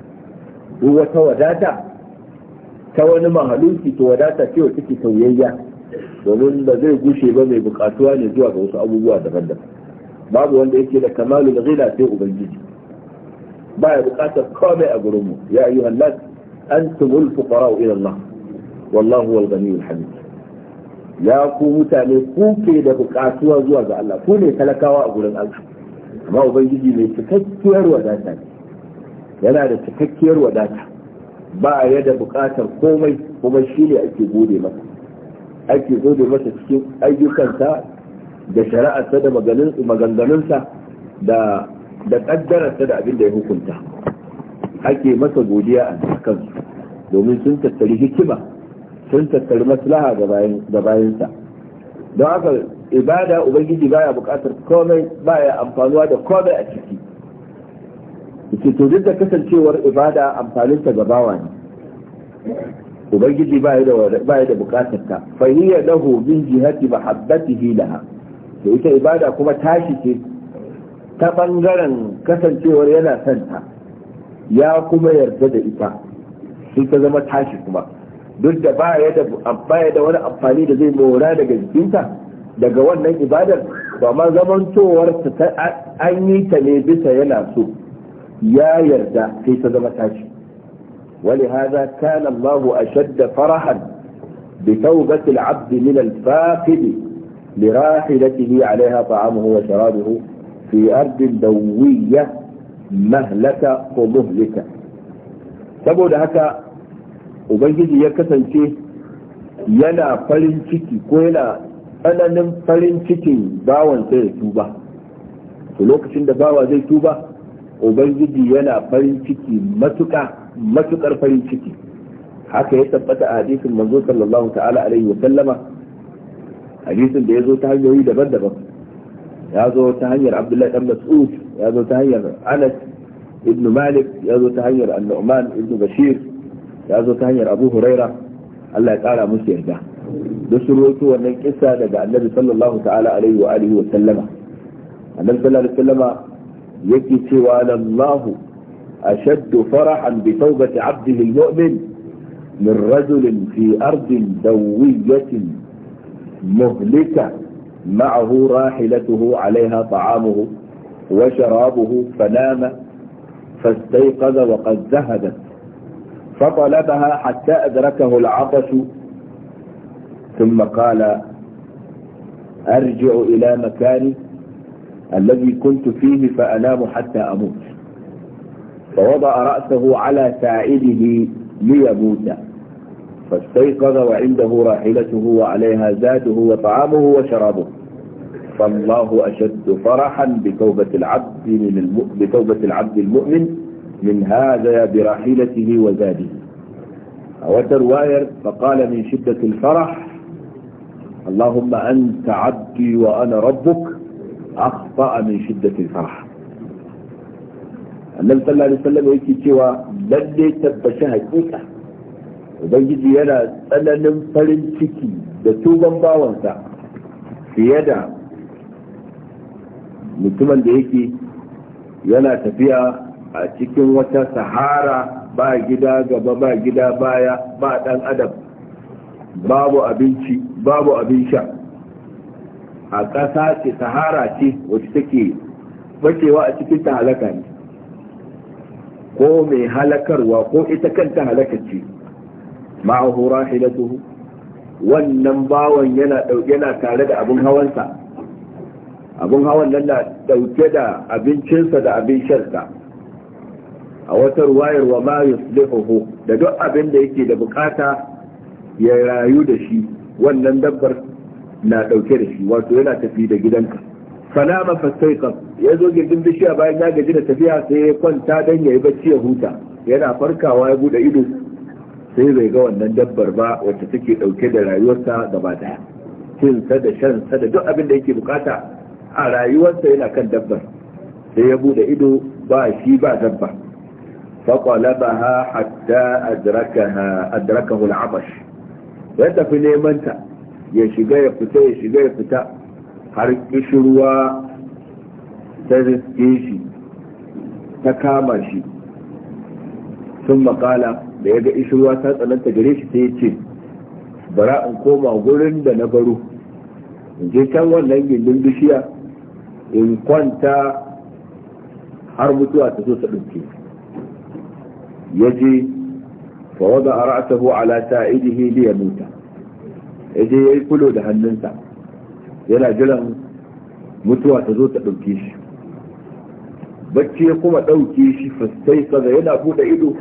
duk wata wadata ta wani mahaluki to wadata ce wa take tauyayya domin ba zai gushe ba mai bukatuwa ne zuwa ga wasu abubuwa daban-daban babu wanda yake da kamalul ghina sai ubangiji ba ya bukatar komai a gurinmu ya ayyuhan nas antumul fuqara ila Allah wallahu wal ghaniyul hamid ya ku mutane kuke da bukatuwa zuwa ga Allah ku ne talakawa a gurin Allah amma ubangiji mai cikakkiyar wadata ne yana da cikakkiyar wadata ba a yada bukatar komai kuma shi ne ake gode masa ake gode masa cikin ayyukansa da shari'arsa da maganganunsa da da da abin da ya hukunta ke masa godiya a kansu domin sun tattari hikima sun tattari maslaha ga bayansa don haka ibada ubangiji baya bukatar komai baya amfanuwa da komai a ciki ke to duk da kasancewar ibada amfaninta ga bawa ne ubangiji baya da bukatar ta fa hiya lahu min jihati mahabbatihi laha to ita ibada kuma tashi ce ta bangaren kasancewar yana santa ya kuma yarda da ita sai ta zama tashi kuma duk da ba ya da baya da wani amfani da zai mora daga jikinta daga wannan ibadar ba ma zaman cewar ta an yi ta ne bisa yana so ya yarda sai ta zama tashi wani haza kana Allah ashadda farahan bi tawbati al-abd min al-faqid li rahilatihi 'alayha ta'amuhu wa sharabuhu fi ard dawiyya mahlaka wa muhlika saboda haka ubangiji ya kasance yana farin ciki ko yana tsananin farin cikin bawansa ya tuba to lokacin da bawa zai tuba ubangiji yana farin ciki matuƙa matuƙar farin ciki haka ya tabbata a hadisin manzo sallallahu ta'ala alaihi wa sallama hadisin da ya zo ta hanyoyi daban-daban ya zo ta hanyar abdullahi dan mas'ud ya zo ta hanyar anas ibn malik ya zo ta hanyar an-nu'man ibn bashir ya zo ta hanyar abu huraira Allah ya kara musu yarda duk su rawaito wannan kissa daga annabi sallallahu ta'ala alaihi wa alihi wa sallama annabi sallallahu alaihi wa sallama yake cewa lallahu ashaddu farahan bi tawbati 'abdihi al-mu'min min rajulin fi ardin dawiyatin muhlika معه راحلته عليها طعامه وشرابه فنام فاستيقظ وقد ذهبت فطلبها حتى أدركه العطش ثم قال أرجع إلى مكاني الذي كنت فيه فأنام حتى أموت فوضع رأسه على ساعده ليموت فاستيقظ وعنده راحلته وعليها زاده وطعامه وشرابه فالله أشد فرحا بتوبة العبد من الم... بتوبة العبد المؤمن من هذا براحلته وزاده أود الواير فقال من شدة الفرح اللهم أنت عبدي وأنا ربك أخطأ من شدة الفرح النبي صلى الله عليه وسلم يقول كيوا لدي تبشها كيكا وبنجدي أنا أنا نمفر الكيكي دتوبا باوانسا في يدا من ثم يقول يلا تفيها a cikin wata sahara ba gida gaba ba gida baya ba dan adam babu abinci babu abin sha a ƙasa ce sahara ce wacce take bacewa a cikin ta halaka ne ko mai halakarwa ko ita kanta halaka ce ma'ahura hilatuhu wannan bawan yana yana tare da abin hawansa abin hawan nan na dauke da abincinsa da abin sharsa a wata ruwayar wa ma yuslihu da duk abin da yake da bukata ya rayu da shi wannan dabbar na dauke da shi wato yana tafi da gidanka fanama fastaiqam ya zo gindin bishiya bayan ya gaji da tafiya sai ya kwanta dan yayi bacci ya huta yana farkawa ya bude ido sai bai ga wannan dabbar ba wacce take dauke da rayuwarsa gaba daya cinsa da shansa da duk abin da yake bukata a rayuwarsa yana kan dabbar sai ya bude ido ba shi ba dabba فطلبها حتى أدركها أدركه العطش يتفي نيمانتا يشيغا يفتا يشيغا يفتا har kishirwa ta riske shi ta kama shi sun makala da ya ga ishirwa ta tsananta gare shi ta ce bara in koma gurin da na baro in je can wannan gindin bishiya in kwanta har mutuwa ta so ta yaje fa wada ra'sahu ala sa'idihi li yamuta yaje yayi kulo da hannunsa yana jiran mutuwa ta zo ta dauke shi bacci ya kuma ɗauke shi fastai kaza yana buɗe ido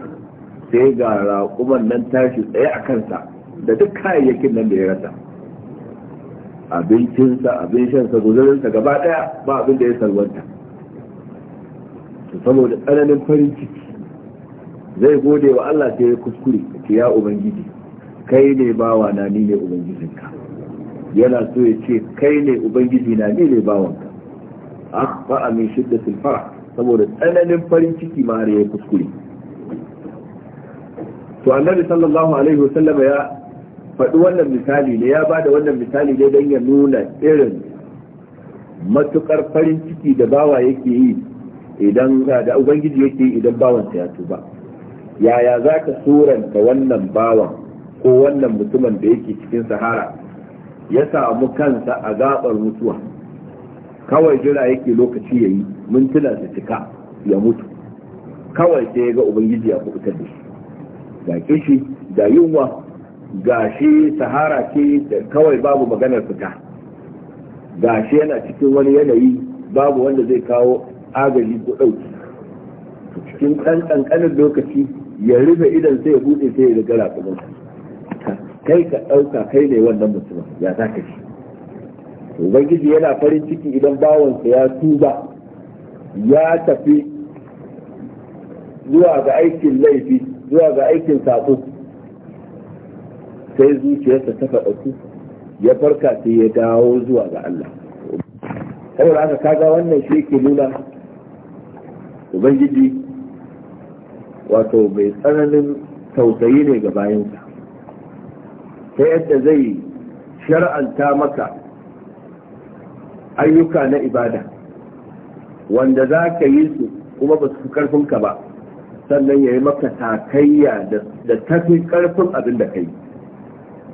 sai ga raƙuman nan tashi tsaye a kansa da duk kayayyakin nan da ya rasa abincinsa abin shansa sa gaba daya ba abin da ya salwanta saboda tsananin farin ciki zai gode wa Allah sai ya kuskure ce ya ubangiji kai ne bawa na ni ne ubangijinka yana so ya ce kai ne ubangiji na ni ne bawanka a min shiddatil farah saboda tsananin farin ciki ma har ya kuskure to annabi sallallahu alaihi wasallam ya faɗi wannan misali ne ya bada wannan misali ne don ya nuna irin matukar farin ciki da bawa yake yi idan da ubangiji yake yi idan bawansa ya tuba yaya za ka suranta wannan bawan ko wannan mutumin da yake cikin sahara ya samu kansa a gabar mutuwa kawai jira yake lokaci ya yi mintuna su cika ya mutu kawai sai ya ga ubangiji a kubutar da shi ga kishi ga yunwa ga shi sahara ce da kawai babu maganar fita ga shi yana cikin wani yanayi babu wanda zai kawo agaji ko ɗauki cikin ɗan ƙanƙanin lokaci ya rufe idan sai ya bude sai ya riga rakumin kai ka ɗauka kai ne wannan mutumin ya za ka shi ubangiji yana farin ciki idan bawansa ya tuba ya tafi zuwa ga aikin laifi zuwa ga aikin sako sai zuciyarsa ta faɗa faɗaku ya farka sai ya dawo zuwa ga Allah saboda haka kaga wannan shi ke nuna ubangiji wato mai tsananin tausayi ne ga bayansa ta yadda zai shar'anta maka ayyuka na ibada wanda za ka yi su kuma ba su ka ba sannan ya yi maka takayya da tafi karfin abin da ka yi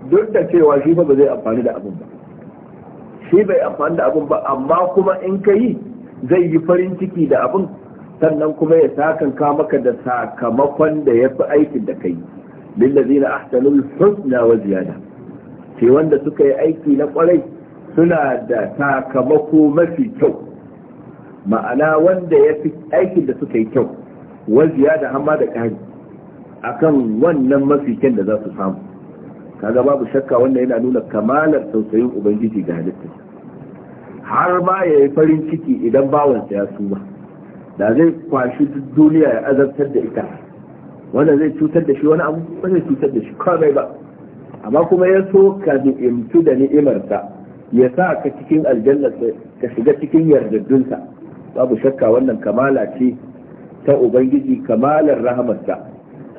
duk da cewa shi ba zai amfani da abin ba shi bai amfani da abin ba amma kuma in ka yi zai yi farin ciki da abin sannan kuma ya sakanka maka da sakamakon da ya fi aikin da kai lillazina ahsanul husna wa ziyada sai wanda suka yi aiki na kwarai suna da sakamako mafi kyau ma'ana wanda ya fi aikin da suka yi kyau wa ziyada hamma da ƙari akan wannan mafi kyan da za su samu kaga babu shakka wannan yana nuna kamalar tausayin ubangiji ga halitta har ma ya yi farin ciki idan bawansa ya suma. da zai kwashi duniya ya azabtar da ita wanda zai cutar da shi wani abu ba zai cutar da shi ba amma kuma ya so ka ni'imtu da ni'imarsa ya sa ka cikin aljanna ka shiga cikin yardaddunsa babu shakka wannan kamala ce ta ubangiji kamalar rahamarsa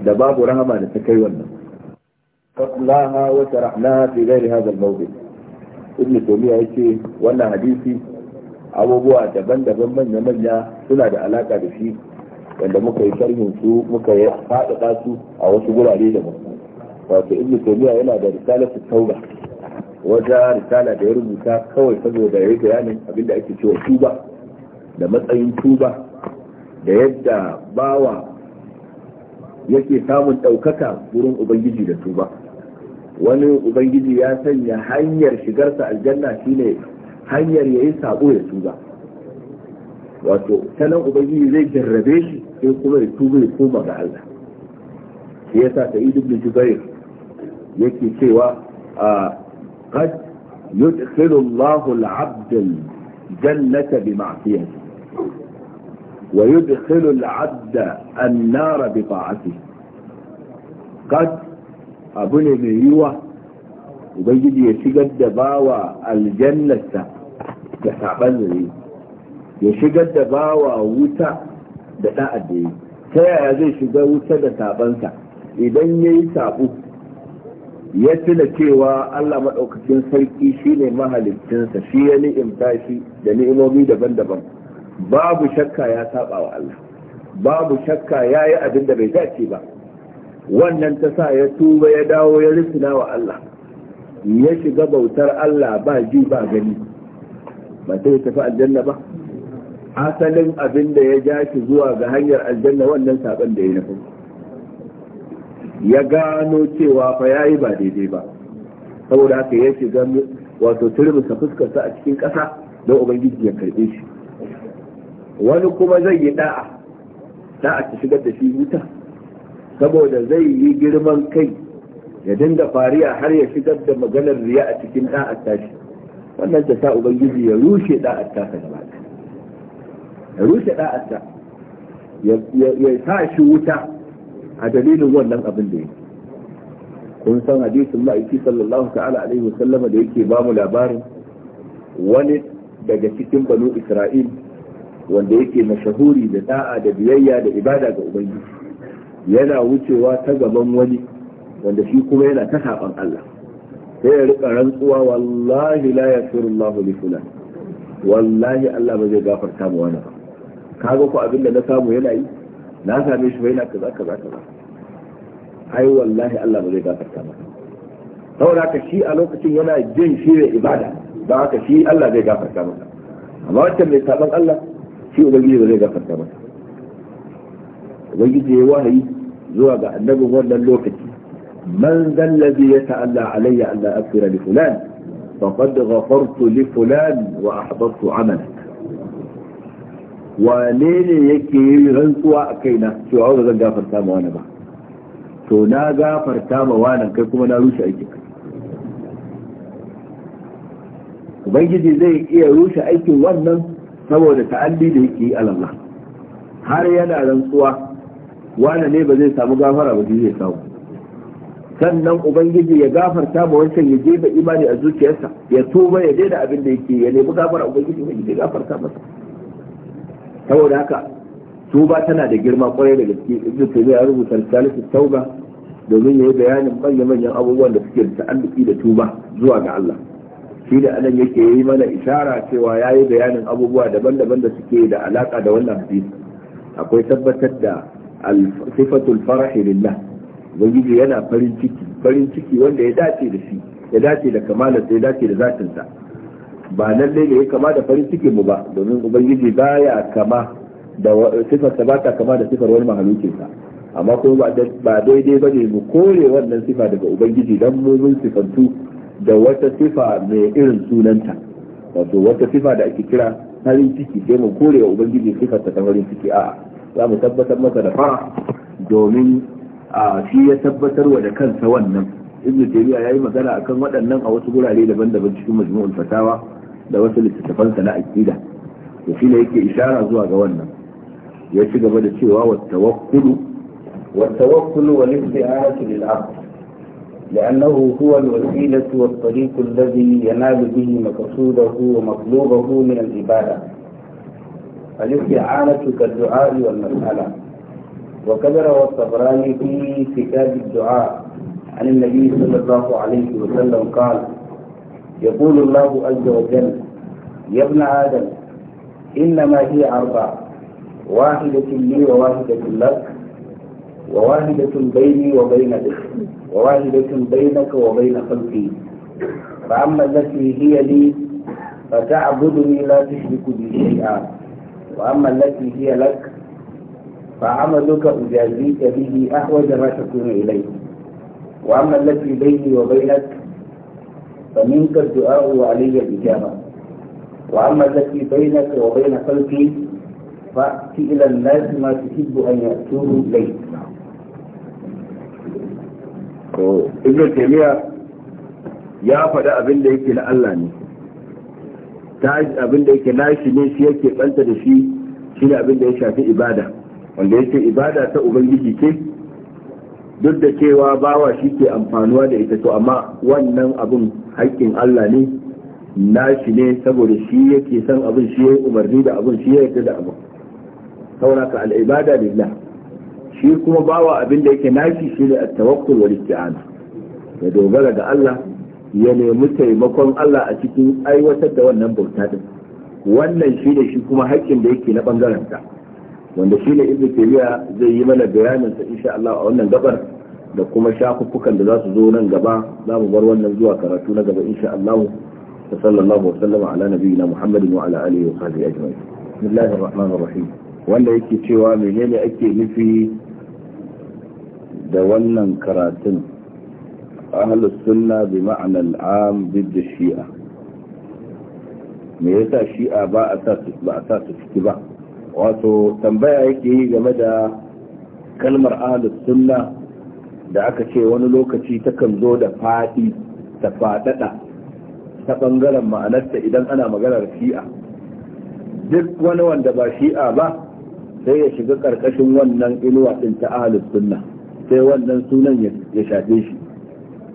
da babu rahama da ta kai wannan faslaha wa sharahna fi ghairi hadha al-mawdi ibn tumiya yace wannan hadisi abubuwa daban-daban manya-manya suna da alaka da shi wanda muka yi sharhin su muka yi faɗaɗa su a wasu gurare da mutum wato ibnu taymiya yana da risalatu tauba wata risala da ya rubuta kawai saboda ya yi bayanin abin da ake cewa tuba da matsayin tuba da yadda bawa yake samun ɗaukaka wurin ubangiji da tuba wani ubangiji ya sanya hanyar shigarsa aljanna shine hanyar yayi sabo ya tuba wato sanan ubangiji zai jarrabe shi sai kuma ya tuba ya koma ga Allah shi yasa idu ibn jubair yake cewa a qad yudkhilu Allahu al-'abd al-jannata bi ma'siyatihi wa yudkhilu al abd an nar bi ta'atihi qad abune mai yiwa ubangiji ya shigar da bawa aljannarsa da saban zare ya shigar da bawa wuta da da'ad da yi ta yaya zai shiga wuta da sabansa idan ya yi sabu ya tuna cewa Allah maɗaukacin sarki shi ne mahalicinsa shi ya ni'imta shi da ni'imomi daban-daban babu shakka ya saba wa Allah babu shakka ya yi abin da bai dace ba wannan ta sa ya tuba ya dawo ya rufina wa Allah ya shiga bautar Allah ba ji ba gani ba sai tafi aljanna ba asalin abin da ya ja shi zuwa ga hanyar aljanna wannan saban da ya nufi ya gano cewa fa yayi ba daidai ba saboda haka ya shiga wato turbinsa fuskarsa a cikin ƙasa don ubangiji ya karɓe shi wani kuma zai yi da'a da'a ta shigar da shi wuta saboda zai yi girman kai ya dinga fariya har ya shigar da maganar riya a cikin da'ar tashi wannan ta sa ubangiji ya rushe da'ar ta ka gaba ya rushe da'ar ta ya sa shi wuta a dalilin wannan abin da yake kun san hadisin ma'aiki sallallahu ta'ala alaihi wasallama da yake ba mu labarin wani daga cikin banu isra'il wanda yake mashahuri da da'a da biyayya da ibada ga ubangiji yana wucewa ta gaban wani wanda shi kuma yana ta saban Allah sai ya riƙa rantsuwa wallahi la yaghfiru Allahu li fulan wallahi Allah ba zai gafarta mu wani ba kaga ko abinda na samu yana yi na same shi ba yana kaza kaza kaza ai wallahi Allah ba zai gafarta mu saboda haka shi a lokacin yana jin shi ne ibada don haka shi Allah zai gafarta masa amma wancan mai saban Allah shi ubangiji ba zai gafarta masa ubangiji ya wahayi zuwa ga annabin wannan lokaci من ذا الذي يتألى علي أن لا أغفر لفلان فقد غفرت لفلان وأحضرت عملك ولين يكي غنسوا أكينا شو عوض ذا غافر تام وانا با شو نا غافر تام وانا كيكو منا روش أيتك وبيجي زي إيا روش أيتي وانا سوى لتألي ليكي على الله هاري أنا غنسوا وانا ليه بزي سامو غافر أبو جيزي سامو sannan ubangiji ya gafarta ma wancan ya jefa imani a zuciyarsa ya tuba ya daina abin da yake ya nemi gafara ubangiji ubangiji ya gafarta masa saboda haka tuba tana da girma kwarai da gaske ibnu taymiya ya rubuta salisu tauba domin yayi bayanin manyan manyan abubuwan da suke da ta'alluki da tuba zuwa ga Allah shi da anan yake yi mana ishara cewa ya yi bayanin abubuwa daban-daban da suke da alaka da wannan hadisi akwai tabbatar da sifatul farahi lillah ubangiji yana farin ciki farin ciki wanda ya dace da shi ya dace da kamalarsa ya dace da zatinsa ba dai ne ya kama da farin ciki mu ba domin ubangiji baya kama da sifarsa ba ta kama da sifar wani mahalukinsa amma kuma ba daidai ba ne mu kore wannan sifa daga ubangiji dan mu mun sifantu da wata sifa mai irin sunanta wato wata sifa da ake kira farin ciki sai mu kore wa ubangiji sifarsa ta farin ciki a'a za mu tabbatar masa da fara domin shi ya tabbatar wa da kansa wannan ibn taymiya yayi magana akan waɗannan a wasu gurare daban-daban cikin majmu'ul fatawa da wasu littattafan sa na aqida to shi ne yake ishara zuwa ga wannan ya ci gaba da cewa wa tawakkulu wa tawakkulu wal isti'anatu lil abd لأنه هو الوسيلة والطريق الذي ينال به مقصوده ومطلوبه من العبادة الاستعانة كالدعاء والمسألة وكذا روى الطبراني في كتاب الدعاء عن النبي صلى الله عليه وسلم قال يقول الله عز وجل يا ابن آدم إنما هي أربع واحدة لي وواحدة لك وواحدة بيني وبينك وواحدة بينك وبين خلقي فأما التي هي لي فتعبدني لا تشرك بي شيئا وأما التي هي لك فعملك أجازيك به أحوج ما تكون إليه وأما التي بيني وبينك فمنك الدعاء وعلي الإجابة وأما التي بينك وبين خلقي فأتي إلى الناس ما تحب أن يأتوه إليك ibn taymiya ya faɗi abin da yake na Allah ne ta abin da yake nashi ne shi yake banta da shi shi ne abin da ya shafi ibada wanda yake ibada ta ubangiji ce duk da cewa bawa shi ke amfanuwa da ita to amma wannan abin haƙƙin Allah ne na shi ne saboda shi yake son abin shi yi umarni da abin shi ya yarda da abin sauraka al'ibada lillah shi kuma bawa abin da yake nashi shi ne at-tawakkul wal isti'ana ya dogara ga Allah ya nemi taimakon Allah a cikin aiwatar da wannan bauta din wannan shi ne shi kuma haƙƙin da yake na bangaren ta. wanda shi ne ibnu taymiya zai yi mana bayanin sa insha Allah a wannan gabar da kuma shafuffukan da za su zo nan gaba za mu bar wannan zuwa karatu na gaba insha Allah wa sallallahu wa sallama ala nabiyyina Muhammadin wa ala alihi wa sahbihi ajma'in bismillahir rahmanir rahim wanda yake cewa menene ake nufi da wannan karatun ahlus sunna bi ma'na al'am bid shi'a me yasa shi'a ba a sa ba a sa su ciki ba wato tambaya yake yi game da kalmar ahlus sunna da aka ce wani lokaci takan zo da faɗi ta faɗaɗa ta ɓangaren ma'anarta idan ana maganar shi'a duk wani wanda ba shi'a ba sai ya shiga ƙarƙashin wannan inuwa din ta ahlus sunna sai wannan sunan ya shafe shi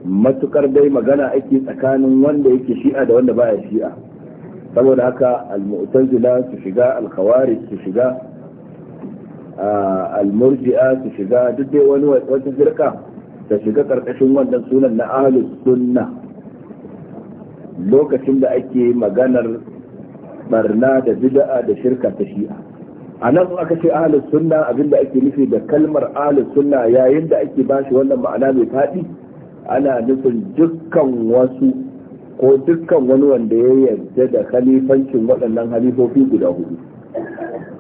matukar dai magana ake tsakanin wanda yake shi'a da wanda baya shi'a saboda haka al-mu'tazila su shiga al-khawarij su shiga al-murji'a su shiga duk dai wani wata firka ta shiga karkashin wannan sunan na ahlus sunna lokacin da ake maganar barna da bid'a da shirka ta shi'a a nan aka ce ahlus sunna abinda ake nufi da kalmar ahlus sunna yayin da ake bashi wannan ma'ana mai faɗi ana nufin dukkan wasu ko dukkan wani wanda ya yarda da khalifancin waɗannan halifofi guda hudu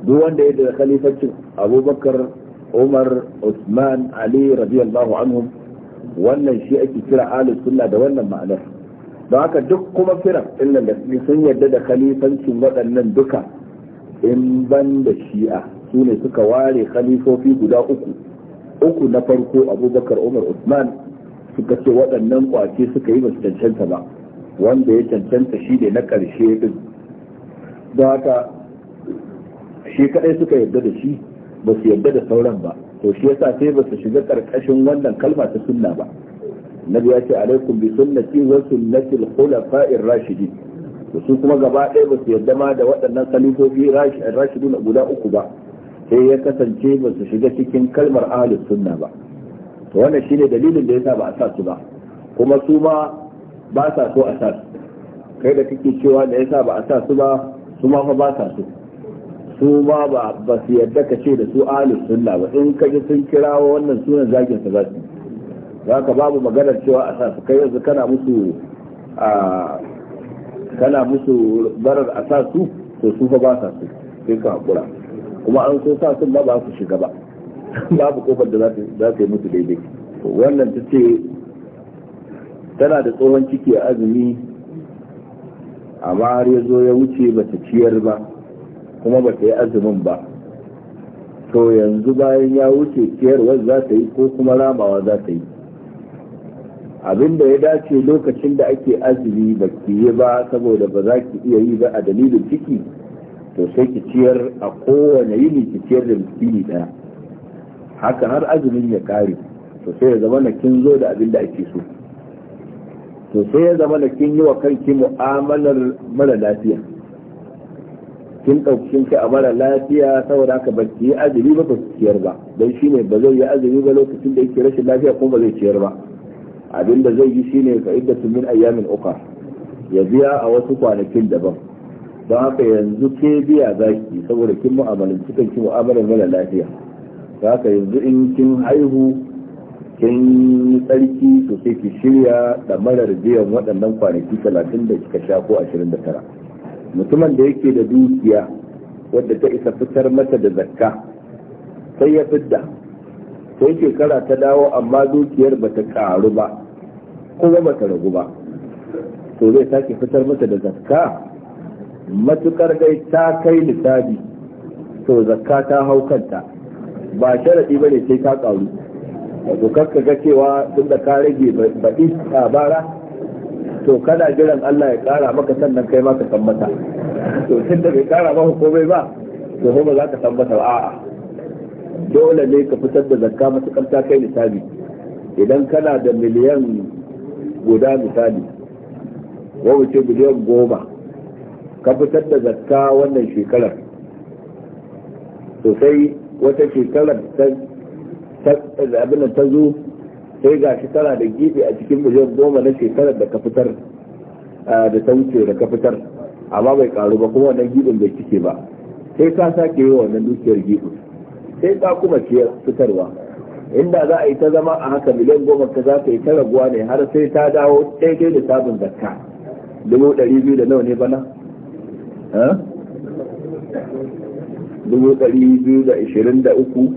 duk wanda ya yarda da khalifancin abubakar umar usman ali radiyallahu anhum wannan shi ake kira ahlus sunna da wannan ma'anar don haka duk kuma firar illan da sun yarda da khalifancin waɗannan duka in ban da shi'a su ne suka ware khalifofi guda uku uku na farko abubakar umar usman suka ce waɗannan kwace suka yi ba su cancanta ba wanda ya cancanta shi ne na ƙarshe din da haka shi kaɗai suka yarda da shi ba su yarda da sauran ba to shi yasa sai ba su shiga ƙarƙashin wannan kalma ta sunna ba na biya ce alaikum bi sunnati wa sunnati al-khulafa'ir rashidin to su kuma gaba ɗaya ba su yarda ma da waɗannan khalifofi rashidun guda uku ba sai ya kasance ba su shiga cikin kalmar ahlus sunna ba to wannan shine dalilin da yasa ba a sa su ba kuma su ma ba sa so a sa su kai da kake cewa da yasa ba a sa su ba su ma fa ba sa so su ma ba ba su yadda ka ce da su ahlus sunna ba in ka ji sun kira wannan sunan zagin sa za su babu maganar cewa a sa su kai yanzu kana musu a kana musu barar a sa su to su fa ba sa su sai ka hakura kuma an so sa ba ba su shiga ba babu kofar da za ta yi musu daidai wannan ta ce tana da tsohon ciki a azumi amma har ya zo ya wuce bata ciyar ba kuma bata yi azumin ba to yanzu bayan ya wuce ciyarwar za ta yi ko kuma ramawa za ta yi abin da ya dace lokacin da ake azumi ba ki yi ba saboda ba za ki iya yi ba a dalilin ciki to sai ki ciyar a kowane yini ki ciyar da miskini ɗaya haka har azumin ya kare to sai ya zama na kin zo da abin da ake so to sai ya zama da kin yi wa kanki mu'amalar mara lafiya kin ɗauki kin a mara lafiya saboda haka ba ki yi azumi ba ba ciyar ba don shine ba zai yi azumi ba lokacin da yake rashin lafiya kuma ba zai ciyar ba abin da zai yi shine fa iddatu min ayyamin uka ya biya a wasu kwanakin daban don haka yanzu ke biya zaki saboda kin mu'amalanci kanki mu'amalar mara lafiya haka yanzu in kin haihu cikin tsarki to sai ki shirya marar biyan waɗannan kwanaki talatin da kika sha ko ashirin da tara mutumin da yake da dukiya wadda ta isa fitar mata da zakka sai ya fidda sai shekara ta dawo amma dukiyar ba ta ƙaru ba kuma ba ta ragu ba to zai sake fitar mata da zakka matukar dai ta kai nisabi to zakka ta hau kanta ba sharaɗi ba ne sai ta ƙaru wato kakka ga cewa tun da ka rage baɗi a bara to kana jiran Allah ya ƙara maka sannan kai ma ka tabbata to tun da bai ƙara maka komai ba to ba za ka tabbata ba. a'a dole ne ka fitar da zakka matuƙar ta kai misali idan kana da miliyan guda misali ko ce miliyan goma ka fitar da zakka wannan shekarar to sai wata shekarar abin ta zo sai ga shi tana da gefe a cikin miliyan goma na shekarar da ka fitar da ta wuce da ka fitar amma bai karu ba kuma wannan gibin bai cike ba sai ka sake yi wannan dukiyar gibin sai ka kuma ce fitarwa inda za a yi ta zama a haka miliyan goma ka za ta yi ta raguwa ne har sai ta dawo daidai da sabon zakka dubu ɗari biyu da nawa ne bana dubu ɗari biyu da ishirin da uku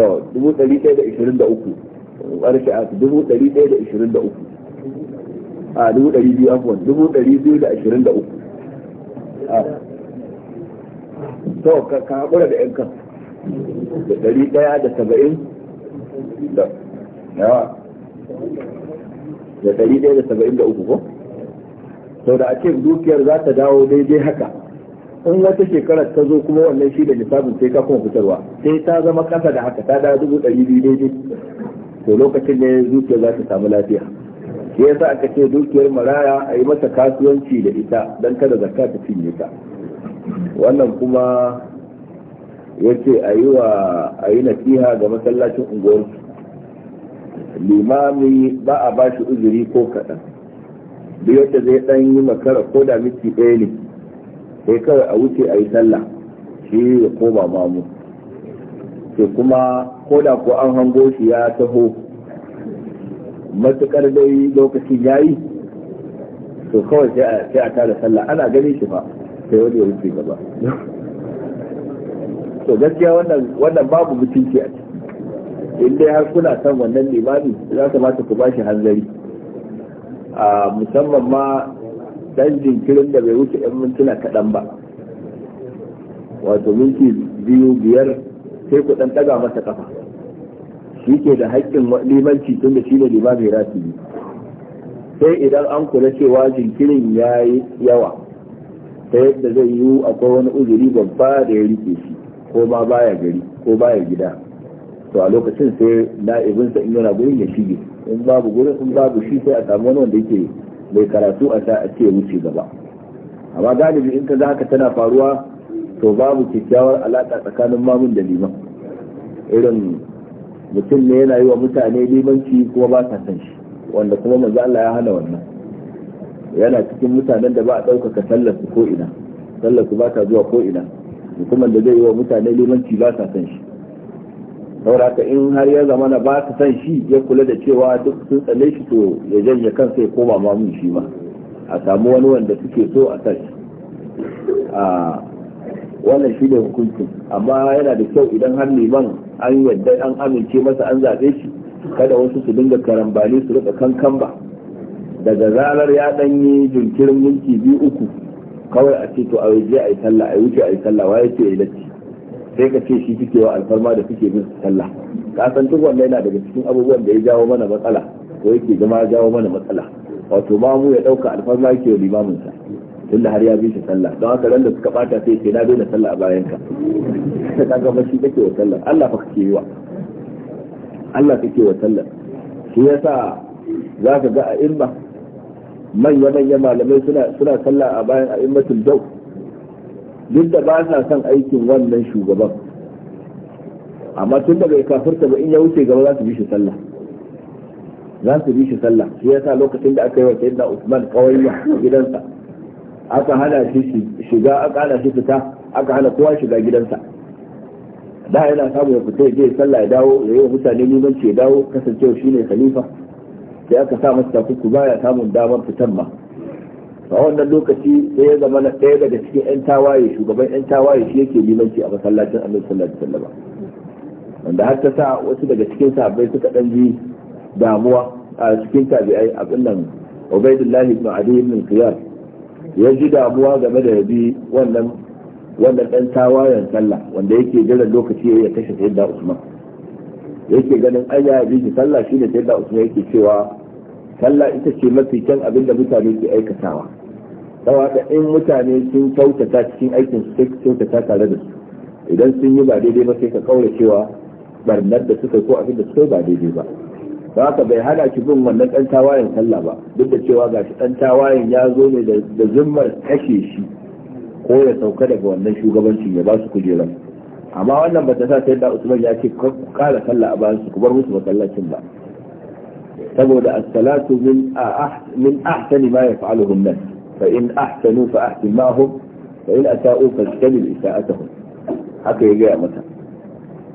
to dubu ɗari da ishirin da uku ɗari da ishirin da uku dubu ɗari biyu dubu ɗari biyu da da uku to ka haƙura da yankan da ɗari ɗaya da saba'in da yawa da ɗari ɗaya da saba'in da uku ko sau da ce dukiyar za ta dawo daidai haka in wata shekarar ta zo kuma wannan shi da lissafin sai ka kuma fitarwa sai ta zama kasa da haka ta da dubu ɗari biyu daidai to lokacin ne zuciya za ta samu lafiya shi yasa aka ce dukiyar maraya a yi mata kasuwanci da ita don kada zakka ta cinye ta wannan kuma ya ce a yi wa a yi nasiha ga masallacin unguwar limami ba a ba shi uzuri ko kaɗan duk yadda zai ɗan yi makara ko da miki ɗaya ne sai kawai a wuce a yi sallah shi ya koma mamu sai kuma ko da ko an hango shi ya taho matukar dai lokacin ya yi to kawai sai a tara sallah ana gani shi fa sai wani ya wuce gaba to gaskiya wannan babu mutunci a ciki in dai har kuna son wannan limami za ta mata ku bashi hanzari a musamman ma ɗan jinkirin da bai wuce 'yan mintuna kaɗan ba wato minti biyu biyar sai ku ɗan ɗaga masa ƙafa shi ke da haƙƙin limanci tun da shi ne limamin rafi sai idan an kula cewa jinkirin ya yi yawa ta yadda zai yiwu akwai wani uzuri babba da ya rike shi ko ma baya gari ko baya gida to a lokacin sai na'ibinsa in yana gurin ya shige in babu gurin in babu shi sai a samu wani wanda yake mai karatu a ta ake ce wuce gaba amma galibi in ka za haka tana faruwa to babu kyakkyawar alaƙa tsakanin mamun da liman irin mutum ne yana yi wa mutane limanci kuma ba sa san shi wanda kuma manzo Allah ya hana wannan yana cikin mutanen da ba a ɗaukaka sallar su ko ina sallar su ba ta zuwa ko ina mutumin da zai yi wa mutane limanci ba sa san shi saboda ka in har ya zama na ba ka san shi ya kula da cewa duk sun tsalle shi to ya janye kansa ya koma ma mun shi ma a samu wani wanda suke so a sashi a wannan shi ne hukuncin amma yana da kyau idan har liman an yadda an amince masa an zabe shi kada wasu su dinga karambani su rika kankan ba daga zarar ya yi jinkirin minti biyu uku kawai a ce to a waje a yi sallah a wuce a yi sallah waye ce ya sai ka ce shi kike wa alfarma da kike bin sallah ka san duk wanda yana daga cikin abubuwan da ya jawo mana matsala ko yake zama jawo mana matsala wato ma mu ya dauka alfarma yake wa limamin sa tunda har ya bi shi sallah don haka ran da suka bata sai sai na daina sallah a bayan ka ka ga shi kake wa sallah Allah fa kake yi wa Allah kake wa sallah shi yasa zaka ga a imma manya manya malamai suna suna sallah a bayan a'immatul dawr duk da ba sa son aikin wannan shugaban amma tun da bai kafirta ba in ya wuce gaba za su bi shi sallah za su bi shi sallah shi yasa lokacin da aka yi wa sayyidina Usman kawaiya gidansa aka hana shi shiga aka hana shi fita aka hana kowa shiga gidansa da yana samu ya fita je sallah ya dawo ya yi wa mutane neman ya dawo kasancewa shine khalifa sai aka sa masa takuku baya samun damar fitan ma a wannan lokaci sai ya zama na ɗaya daga cikin 'yan tawaye shugaban 'yan tawaye shi yake limanci a masallacin annabi sallallahu alaihi wasallam wanda har ta sa wasu daga cikin sahabbai suka dan ji damuwa a cikin tabi'ai abin nan Ubaidullah ibn Ali ibn Qiyas ya ji damuwa game da yabi wannan wannan dan tawayen sallah wanda yake jiran lokaci ya kashe sayyidina Usman yake ganin an bi shi sallah shine sayyidina Usman yake cewa sallah ita ce mafi kyan abin da mutane ke aikatawa da in mutane sun kyautata cikin aikin su sai kyautata tare da su idan sun yi ba daidai ba sai ka kaura cewa barnar da suka ko abin da suka ba daidai ba Ba haka bai hana ki bin wannan dan tawayen sallah ba duk da cewa gashi dan tawayen ya zo ne da zimmar kashe shi ko ya sauka daga wannan shugabancin ya ba su kujerar amma wannan ba ta sa sai da usman ya ce ku kara sallah a bayan su ku bar musu masallacin ba saboda as-salatu min ah, ahsani ma yaf'aluhu an-nas فإن أحسنوا فأحسن معهم فإن أساءوا فاجتنب إساءتهم haka ya gaya mata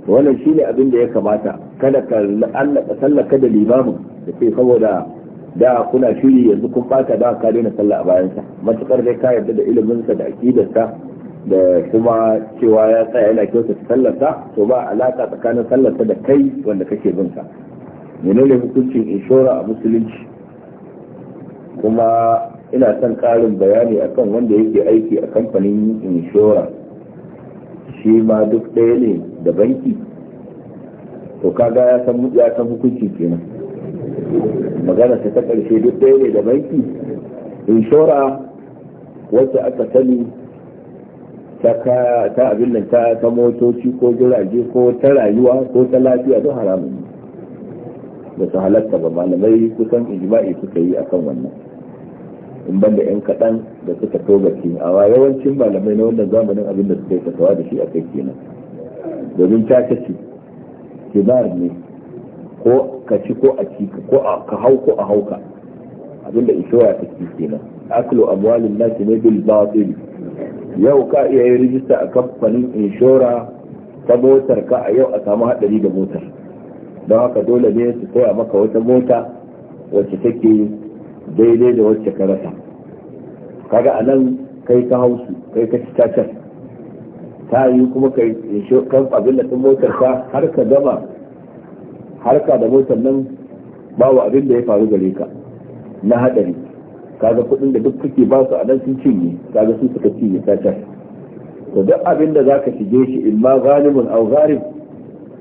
wannan shine abin da ya kamata kada ka allaka sallaka da limamin da ke saboda da kuna shiri yanzu kun bata da ka daina sallah a bayansa matukar dai ka yarda da iliminsa da akidarsa da kuma cewa ya tsaya yana kyauta sallarsa to ba alaka tsakanin sallarsa da kai wanda kake bin sa menene hukuncin inshora a musulunci kuma ina son karin bayani akan wanda yake aiki a kamfanin inshora shi ma duk ɗaya ne da banki to kaga ya san ya san hukunci kenan magana ta karshe duk ɗaya ne da banki inshora wacce aka sani ta abin nan ta motoci ko jirage ko ta rayuwa ko ta lafiya don haramun ba su halatta ba malamai kusan ijma'i suka yi akan wannan in banda yan kaɗan da suka togace a yawancin malamai na wannan zamanin abin da suka yi fatawa da shi a kai kenan domin caca ce kibar ne ko ka ci ko a ci ko ka hau ko a hauka abinda ishowa ta ci kenan aklo amwalin nasi ne bil batil yau ka iya yi rijista a kamfanin inshora ta motar ka a yau a samu hadari da motar don haka dole ne su koya maka wata mota wacce take daidai da wacce ka rasa kaga a nan kai ka hausu kai ka cacar ta yi kuma kai kan abin da ɗin motar ka har ka gama har ka da motar nan babu abin da ya faru gare ka na haɗari kaga kuɗin da duk kake ba su a nan sun cinye kaga sun suka cinye cacar to duk abin da zaka shige shi in ma galimin au gharib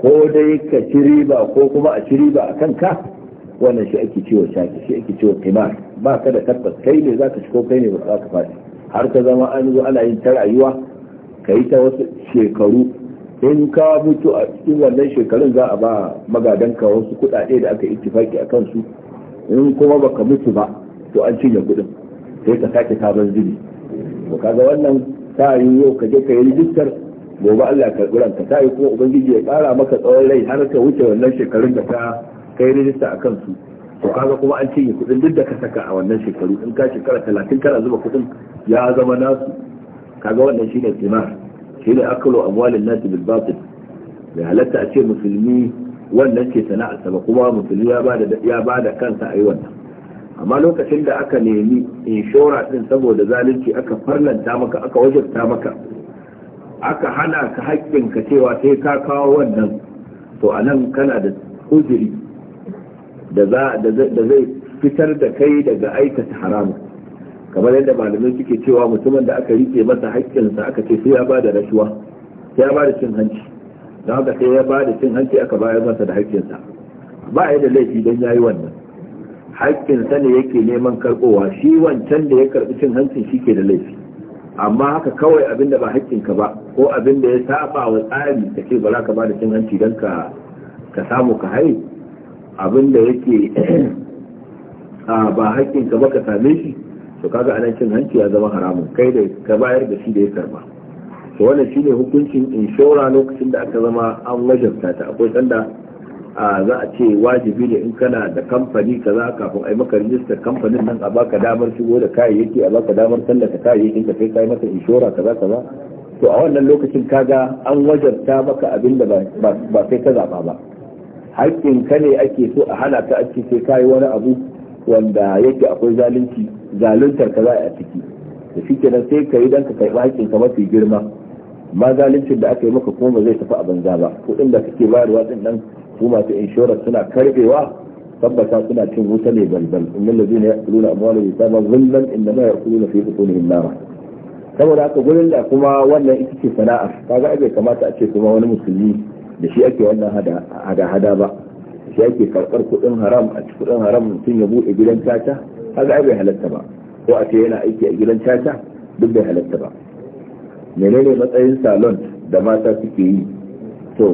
ko dai ka ci riba ko kuma a ci riba a kanka wannan shi ake ciwo shaki shi ake ciwo kimar ba ka da tabbas kai ne za ka shigo kai ne ba za ka fadi har ka zama an zo ana yin ta rayuwa ka yi ta wasu shekaru in ka mutu a cikin wannan shekarun za a ba magadanka wasu kuɗaɗe da aka ittifaki a kansu in kuma baka mutu ba to an cinye kuɗin sai ka sake sabon zubi to kaga wannan ta yau ka je ka yi rijistar gobe Allah ka karɓi ranka ta yi kuma ubangiji ya kara maka tsawon rai har ka wuce wannan shekarun da ka kai rijista a kansu to kaga kuma an cinye kuɗin duk da ka saka a wannan shekaru in ka shekara talatin kana zuba kuɗin ya zama nasu kaga wannan shine timar shine akalo amwalin nasi bil batil da halatta a ce musulmi wannan ke sana'a sama kuma musulmi ya bada ya bada kansa a yi wannan amma lokacin da aka nemi inshora din saboda zalunci aka farlanta maka aka wajabta maka aka hana ka haƙƙin ka cewa sai ka kawo wannan to anan kana da uzuri da zai fitar da kai daga aikata haramun kamar yadda malamai suke cewa mutumin da aka rike masa haƙƙinsa aka ce sai ya bada rashuwa sai ya ba cin hanci don haka sai ya ba cin hanci aka bayar masa da haƙƙinsa ba yi da laifi don ya yi wannan haƙƙinsa ne yake neman karɓowa shi wancan da ya karɓi cin hancin shi ke da laifi amma haka kawai abin da ba haƙƙinka ba ko abin da ya saba wa tsari da ke ba za ka bada cin hanci don ka samu ka haihu. abin da yake ba hakkin ka baka same shi to kaga anan cin hanci ya zama haramun kai da ka bayar da shi da ya karba to wannan shine hukuncin inshora lokacin da aka zama an wajabta ta akwai sanda za a ce wajibi ne in kana da kamfani kaza kafin ai maka rijistar kamfanin nan a baka damar shigo da kayayyaki a baka damar tallata kayayyakin ka sai kai maka inshora kaza kaza to a wannan lokacin kaga an wajabta maka abinda da ba kai ka zaba ba haƙƙin ka ne ake so a hana ka ake sai kayi wani abu wanda yake akwai zalunci zaluntar ka za a ciki da shi kenan sai ka yi dan ka karɓi haƙƙin ka mafi girma ma zaluncin da aka yi maka kuma ba zai tafi a banza ba kuɗin da kake bayarwa din nan su masu inshorar suna karɓewa tabbata suna cin wuta ne balbal innal ladina yaquluna amwalahum yatama zulman innama yaquluna fi butunihim nar saboda haka gurin da kuma wannan ita ce sana'a kaga ai bai kamata a ce kuma wani musulmi da shi ake wannan hada-hada ba shi ake karɓar kuɗin haram a kuɗin haram mutum ya buɗe gidan caca haka bai halatta ba ko a ce yana aiki a gidan caca duk bai halatta ba menene matsayin salon da mata suke yi to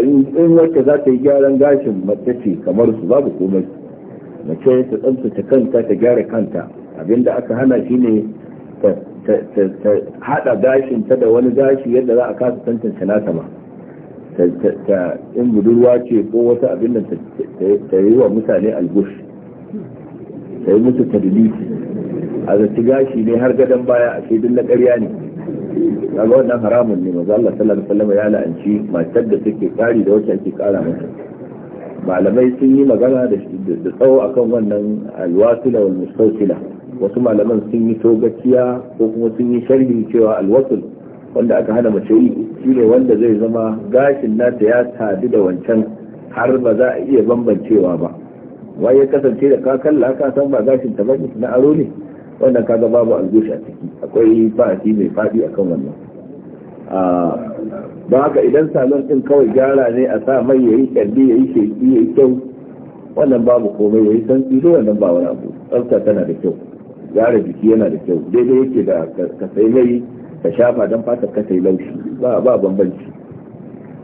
in wacce za ta yi gyaran gashin mace ce kamar su babu komai mace ta tsamsata kanta ta gyara kanta abinda aka hana shi ne ta hada gashinta da wani gashi yadda za a kasa tantance nata ba ta in budurwa ce ko wata abin da ta yi wa mutane albush ta yi musu tadilisi a zaci gashi ne har gadon baya a shaidun na ƙarya ne kaga wannan haramun ne maza Allah sallallahu alaihi wasallam ya la'anci matar da take kari da wacce ake kara mata malamai sun yi magana da tsawo akan wannan alwasila wal mustawsila wasu malaman sun yi togaciya ko kuma sun yi sharhi cewa alwasul wanda aka hana mace yi shine wanda zai zama gashin nata ya sadu da wancan har ba za a iya bambancewa ba wai ya kasance da kakalla laka san ba gashin ta bane na aro ne wannan kaga babu algushi a ciki akwai fa'ati mai fadi akan wannan ba haka idan salon din kawai gyara ne a sa mai yayi kalli yayi sheki yayi kyau wannan babu komai yayi san ido wannan ba wani abu tsafta tana da kyau gyara jiki yana da kyau daidai yake da kasai sai mai ka shafa don fatar ka sai laushi ba a bambanci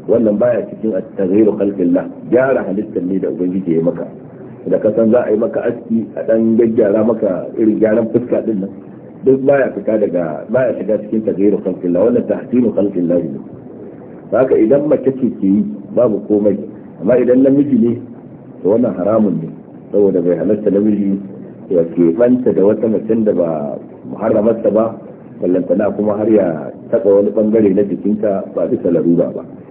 wannan baya cikin at kalfin la gyara halittar ne da ubangiji ya maka da ka za a yi maka aski a dan gaggyara maka irin gyaran fuska din nan duk baya fita daga baya shiga cikin kalfin la wannan ta kalfin la ne haka idan mace ce ke yi babu komai amma idan namiji ne to wannan haramun ne saboda bai halarta namiji ya ke banta da wata mace da ba muharramarta ba ballantana kuma har ya taɓa wani ɓangare na jikinka ba bisa laruba ba